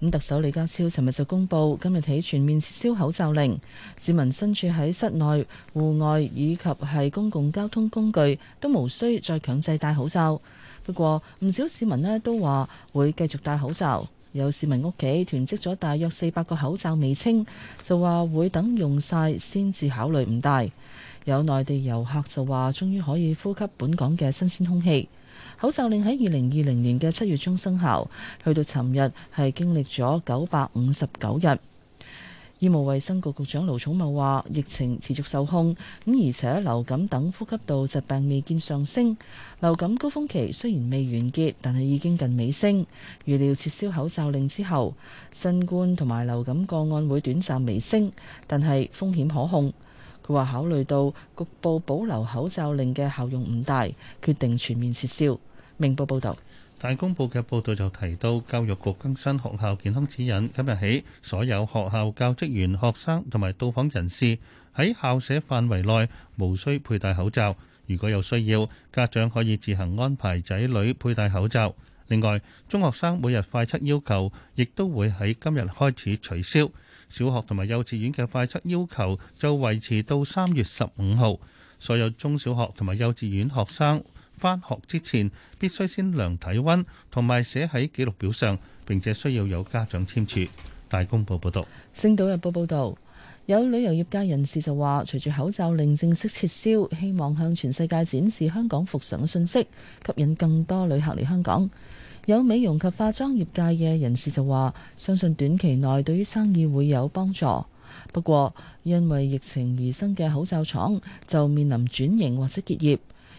咁特首李家超尋日就公布，今日起全面撤銷口罩令，市民身處喺室內、戶外以及係公共交通工具都無需再強制戴口罩。不過唔少市民呢都話會繼續戴口罩。有市民屋企囤積咗大約四百個口罩未清，就話會等用晒先至考慮唔戴。有內地遊客就話：終於可以呼吸本港嘅新鮮空氣。口罩令喺二零二零年嘅七月中生效，去到尋日係經歷咗九百五十九日。醫務衛生局局長盧寵茂話：疫情持續受控，咁而且流感等呼吸道疾病未見上升。流感高峰期雖然未完結，但係已經近尾聲。預料撤銷口罩令之後，新冠同埋流感個案會短暫微升，但係風險可控。佢話考慮到局部保留口罩令嘅效用唔大，決定全面撤銷。明報報道，大公報嘅報道就提到，教育局更新學校健康指引，今日起所有學校教職員、學生同埋到訪人士喺校舍範圍內無需佩戴口罩。如果有需要，家長可以自行安排仔女佩戴口罩。另外，中學生每日快測要求亦都會喺今日開始取消。小學同埋幼稚園嘅快測要求就維持到三月十五號。所有中小學同埋幼稚園學生返學之前必須先量體温，同埋寫喺記錄表上，並且需要有家長簽署。大公報報道，《星島日報》報道，有旅遊業界人士就話：隨住口罩令正式撤銷，希望向全世界展示香港復常嘅信息，吸引更多旅客嚟香港。有美容及化妝業界嘅人士就話，相信短期內對於生意會有幫助。不過，因為疫情而生嘅口罩廠就面臨轉型或者結業。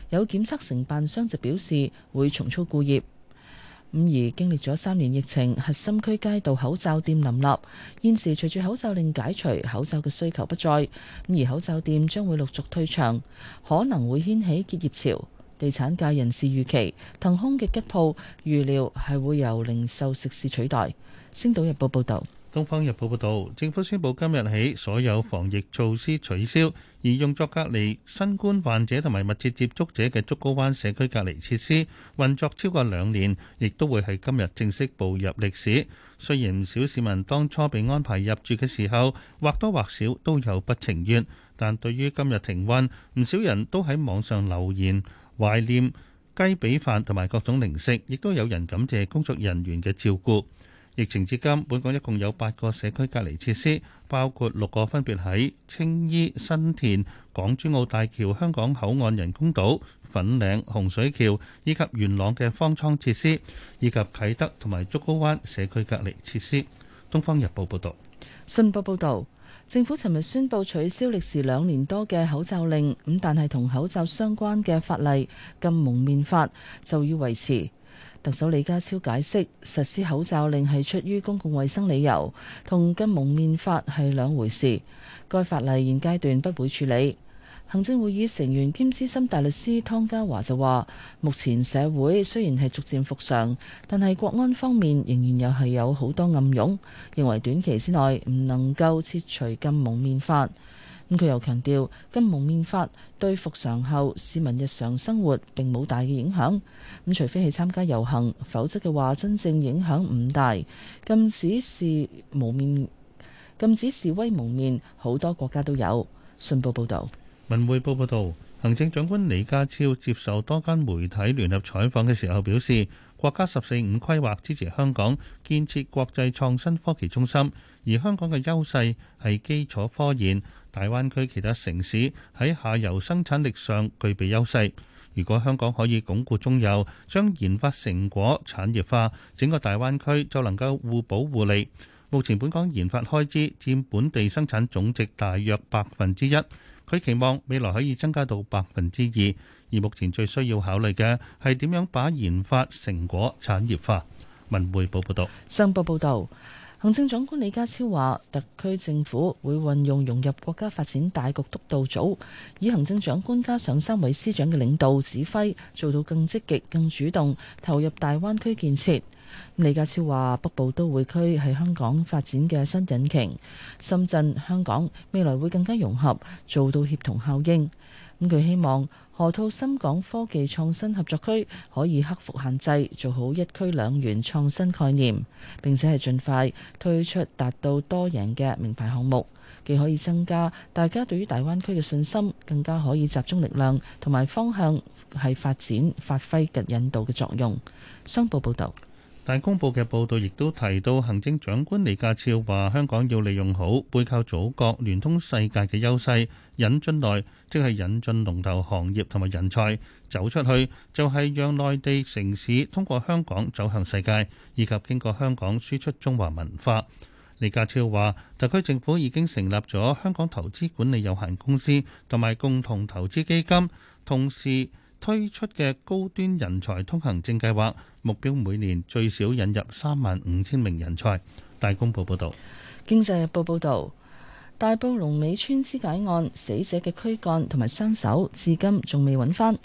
有檢測承辦商就表示會重操故業。咁而經歷咗三年疫情，核心區街道口罩店林立，現時隨住口罩令解除，口罩嘅需求不再，咁而口罩店將會陸續退場，可能會掀起結業潮。地產界人士預期騰空嘅吉鋪預料係會由零售食肆取代。星島日報報道：「東方日報報道，政府宣布今日起所有防疫措施取消，而用作隔離新冠患者同埋密切接觸者嘅竹篙灣社區隔離設施運作超過兩年，亦都會喺今日正式步入歷史。雖然唔少市民當初被安排入住嘅時候或多或少都有不情願，但對於今日停運，唔少人都喺網上留言。懷念雞髀飯同埋各種零食，亦都有人感謝工作人員嘅照顧。疫情至今，本港一共有八個社區隔離設施，包括六個分別喺青衣、新田、港珠澳大橋、香港口岸人工島、粉嶺、洪水橋，以及元朗嘅方艙設施，以及啟德同埋竹篙灣社區隔離設施。《東方日報》報道，信報報道。政府尋日宣布取消歷時兩年多嘅口罩令，咁但係同口罩相關嘅法例禁蒙面法就要維持。特首李家超解釋，實施口罩令係出於公共衛生理由，同禁蒙面法係兩回事，該法例現階段不會處理。行政會議成員兼資深大律師湯家驊就話：目前社會雖然係逐漸復常，但係國安方面仍然又係有好多暗湧，認為短期之內唔能夠撤除禁蒙面法。咁佢又強調，禁蒙面法對復常後市民日常生活並冇大嘅影響。咁除非係參加遊行，否則嘅話真正影響唔大。禁止示蒙面、禁止示威蒙面，好多國家都有。信報報導。文匯報報道，行政長官李家超接受多間媒體聯合採訪嘅時候表示，國家十四五規劃支持香港建設國際創新科技中心，而香港嘅優勢係基礎科研。大灣區其他城市喺下游生產力上具備優勢。如果香港可以鞏固中游，將研發成果產業化，整個大灣區就能夠互補互利。目前本港研發開支占本地生產總值大約百分之一。佢期望未來可以增加到百分之二，而目前最需要考慮嘅係點樣把研發成果產業化。文匯報報道：「商報報道，行政長官李家超話，特區政府會運用融入國家發展大局督導組，以行政長官加上三位司長嘅領導指揮，做到更積極、更主動，投入大灣區建設。李家超話：北部都會區係香港發展嘅新引擎，深圳、香港未來會更加融合，做到協同效應。咁佢希望河套深港科技創新合作區可以克服限制，做好一區兩園創新概念，並且係盡快推出達到多贏嘅名牌項目，既可以增加大家對於大灣區嘅信心，更加可以集中力量同埋方向係發展、發揮及引導嘅作用。商報報道。但係，公佈嘅報道亦都提到，行政長官李家超話：香港要利用好背靠祖國、聯通世界嘅優勢，引進來，即係引進龍頭行業同埋人才，走出去就係讓內地城市通過香港走向世界，以及經過香港輸出中華文化。李家超話：特區政府已經成立咗香港投資管理有限公司同埋共同投資基金，同時，推出嘅高端人才通行證計劃，目標每年最少引入三萬五千名人才。大公報報道，經濟日報報道，大埔龍尾村肢解案死者嘅軀幹同埋雙手至今仲未揾返，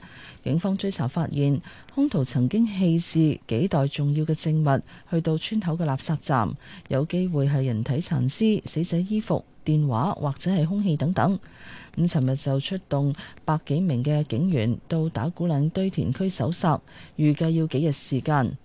警方追查發現，凶徒曾經棄置幾袋重要嘅證物去到村口嘅垃圾站，有機會係人體殘肢、死者衣服。電話或者係空氣等等，咁尋日就出動百幾名嘅警員到打鼓嶺堆填區搜查，預計要幾日時間。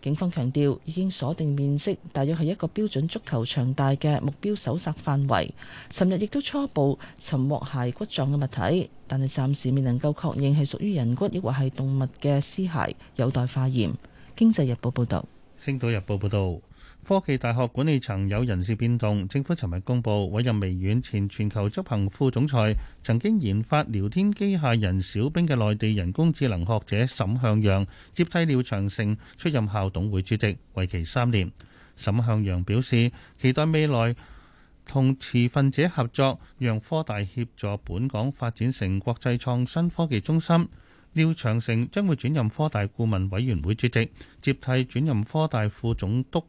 警方強調已經鎖定面積，大約係一個標準足球場大嘅目標搜查範圍。尋日亦都初步尋獲骸骨狀嘅物體，但係暫時未能夠確認係屬於人骨抑或係動物嘅屍骸，有待化驗。經濟日報報道，星島日報報道。星島日報報道。科技大學管理層有人事變動，政府尋日公布委任微軟前全球執行副總裁、曾經研發聊天機械人小兵嘅內地人工智能學者沈向洋接替廖長城出任校董會主席，為期三年。沈向洋表示期待未來同持份者合作，讓科大協助本港發展成國際創新科技中心。廖長城將會轉任科大顧問委員會主席，接替轉任科大副總督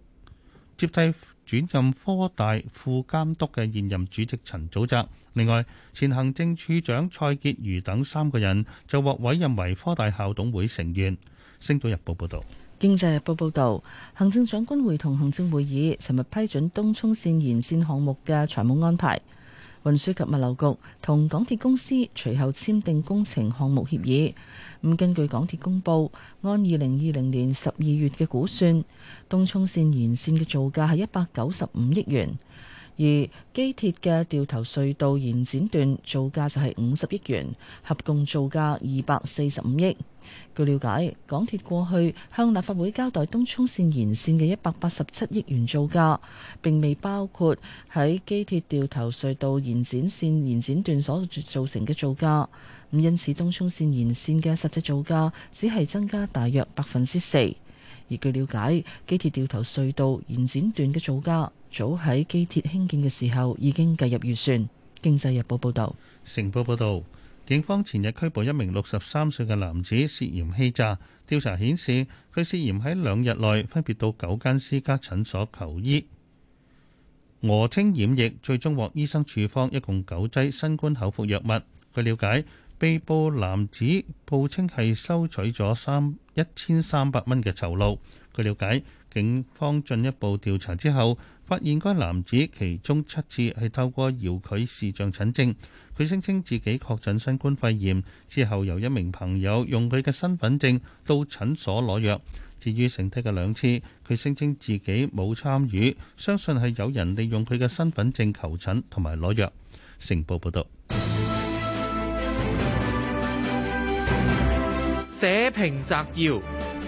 接替轉任科大副監督嘅現任主席陳祖澤，另外前行政處長蔡潔如等三個人就獲委任為科大校董會成員。星島日報報道。經濟日報報道，行政長官會同行政會議尋日批准東涌線延線項目嘅財務安排。運輸及物流局同港鐵公司隨後簽訂工程項目協議。咁根據港鐵公布，按二零二零年十二月嘅估算，東涌綫延綫嘅造價係一百九十五億元。而機鐵嘅掉頭隧道延展段造價就係五十億元，合共造價二百四十五億。據了解，港鐵過去向立法會交代東涌線延線嘅一百八十七億元造價，並未包括喺機鐵掉頭隧道延展線延展段所造成嘅造價。因此，東涌線延線嘅實際造價只係增加大約百分之四。而據了解，機鐵掉頭隧道延展段嘅造價，早喺機鐵興建嘅時候已經計入預算。經濟日報報導，成報報導，警方前日拘捕一名六十三歲嘅男子，涉嫌欺詐。調查顯示，佢涉嫌喺兩日內分別到九間私家診所求醫，訛稱染疫，最終獲醫生處方一共九劑新冠口服藥物。據了解，被捕男子報稱係收取咗三一千三百蚊嘅酬勞。據了解，警方進一步調查之後。發現該男子其中七次係透過遙距視像診症，佢聲稱自己確診新冠肺炎，之後由一名朋友用佢嘅身份證到診所攞藥。至於剩低嘅兩次，佢聲稱自己冇參與，相信係有人利用佢嘅身份證求診同埋攞藥。成報報導。社評摘要。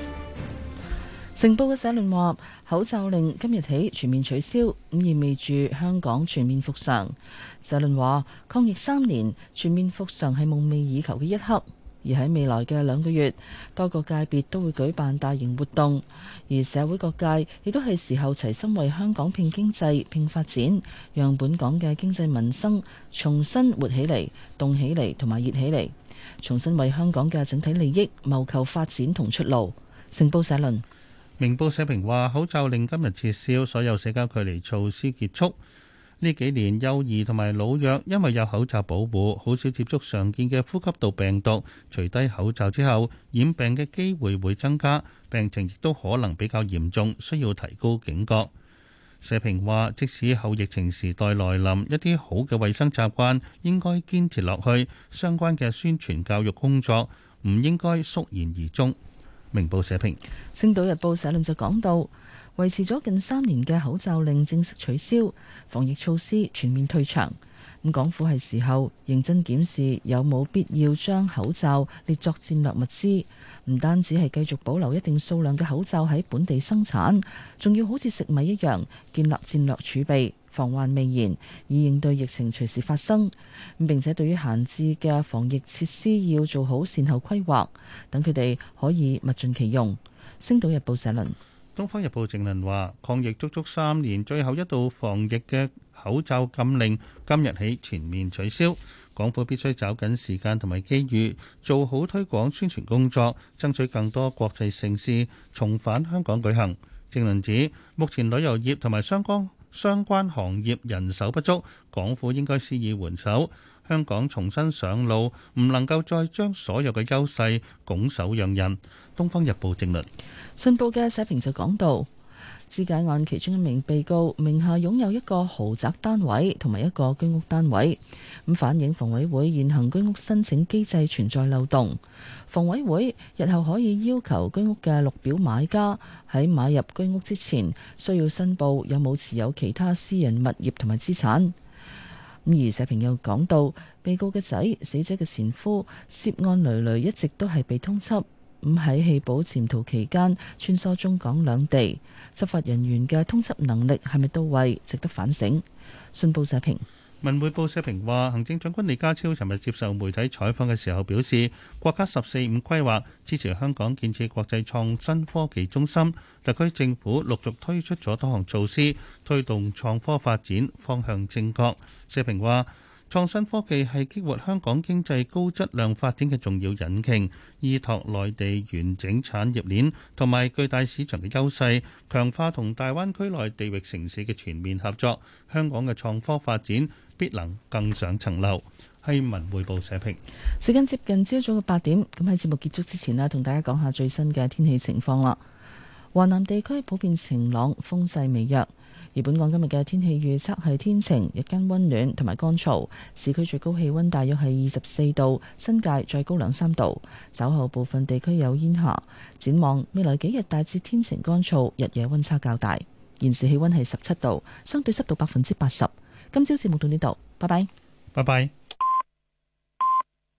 成報嘅社論話：口罩令今日起全面取消，咁意味住香港全面復常。社論話，抗疫三年全面復常係夢寐以求嘅一刻，而喺未來嘅兩個月，多個界別都會舉辦大型活動，而社會各界亦都係時候齊心為香港拼經濟、拼發展，讓本港嘅經濟民生重新活起嚟、動起嚟同埋熱起嚟，重新為香港嘅整體利益謀求發展同出路。成報社論。明報社評話，口罩令今日撤銷，所有社交距離措施結束。呢幾年幼兒同埋老弱因為有口罩保護，好少接觸常見嘅呼吸道病毒。除低口罩之後染病嘅機會會增加，病情亦都可能比較嚴重，需要提高警覺。社評話，即使後疫情時代來臨，一啲好嘅衛生習慣應該堅持落去，相關嘅宣傳教育工作唔應該縮然而終。明報社評，《星島日報》社論就講到，維持咗近三年嘅口罩令正式取消，防疫措施全面退場。咁港府係時候認真檢視有冇必要將口罩列作戰略物資，唔單止係繼續保留一定數量嘅口罩喺本地生產，仲要好似食米一樣建立戰略儲備。防患未然，以應對疫情隨時發生。咁並且對於閒置嘅防疫設施要做好善後規劃，等佢哋可以物盡其用。星島日報社論，東方日報正論話：抗疫足足三年，最後一道防疫嘅口罩禁令今日起全面取消。港府必須抓緊時間同埋機遇，做好推廣宣傳工作，爭取更多國際盛事重返香港舉行。正論指，目前旅遊業同埋相關。相關行業人手不足，港府應該施以援手。香港重新上路，唔能夠再將所有嘅優勢拱手讓人。《東方日報》政論，信報嘅社評就講到。肢解案其中一名被告名下擁有一個豪宅單位同埋一個居屋單位，咁反映房委會現行居屋申請機制存在漏洞。房委會日後可以要求居屋嘅綠表買家喺買入居屋之前需要申報有冇持有其他私人物業同埋資產。咁而社評又講到，被告嘅仔、死者嘅前夫涉案累累，一直都係被通緝。咁喺棄保潛逃期間，穿梭中港兩地。執法人員嘅通緝能力係咪到位？值得反省。信報社評，文匯報社評話，行政長官李家超尋日接受媒體採訪嘅時候表示，國家十四五規劃支持香港建設國際創新科技中心，特區政府陸續推出咗多項措施推動創科發展，方向正確。社評話。創新科技係激活香港經濟高質量發展嘅重要引擎，依託內地完整產業鏈同埋巨大市場嘅優勢，強化同大灣區內地域城市嘅全面合作，香港嘅創科發展必能更上層樓。係文匯報社評，時間接近朝早嘅八點，咁喺節目結束之前咧，同大家講下最新嘅天氣情況啦。華南地區普遍晴朗，風勢微弱。而本港今日嘅天氣預測係天晴，日間溫暖同埋乾燥，市區最高氣溫大約係二十四度，新界再高兩三度。稍後部分地區有煙霞。展望未來幾日大致天晴乾燥，日夜溫差較大。現時氣溫係十七度，相對濕度百分之八十。今朝節目到呢度，拜拜。拜拜。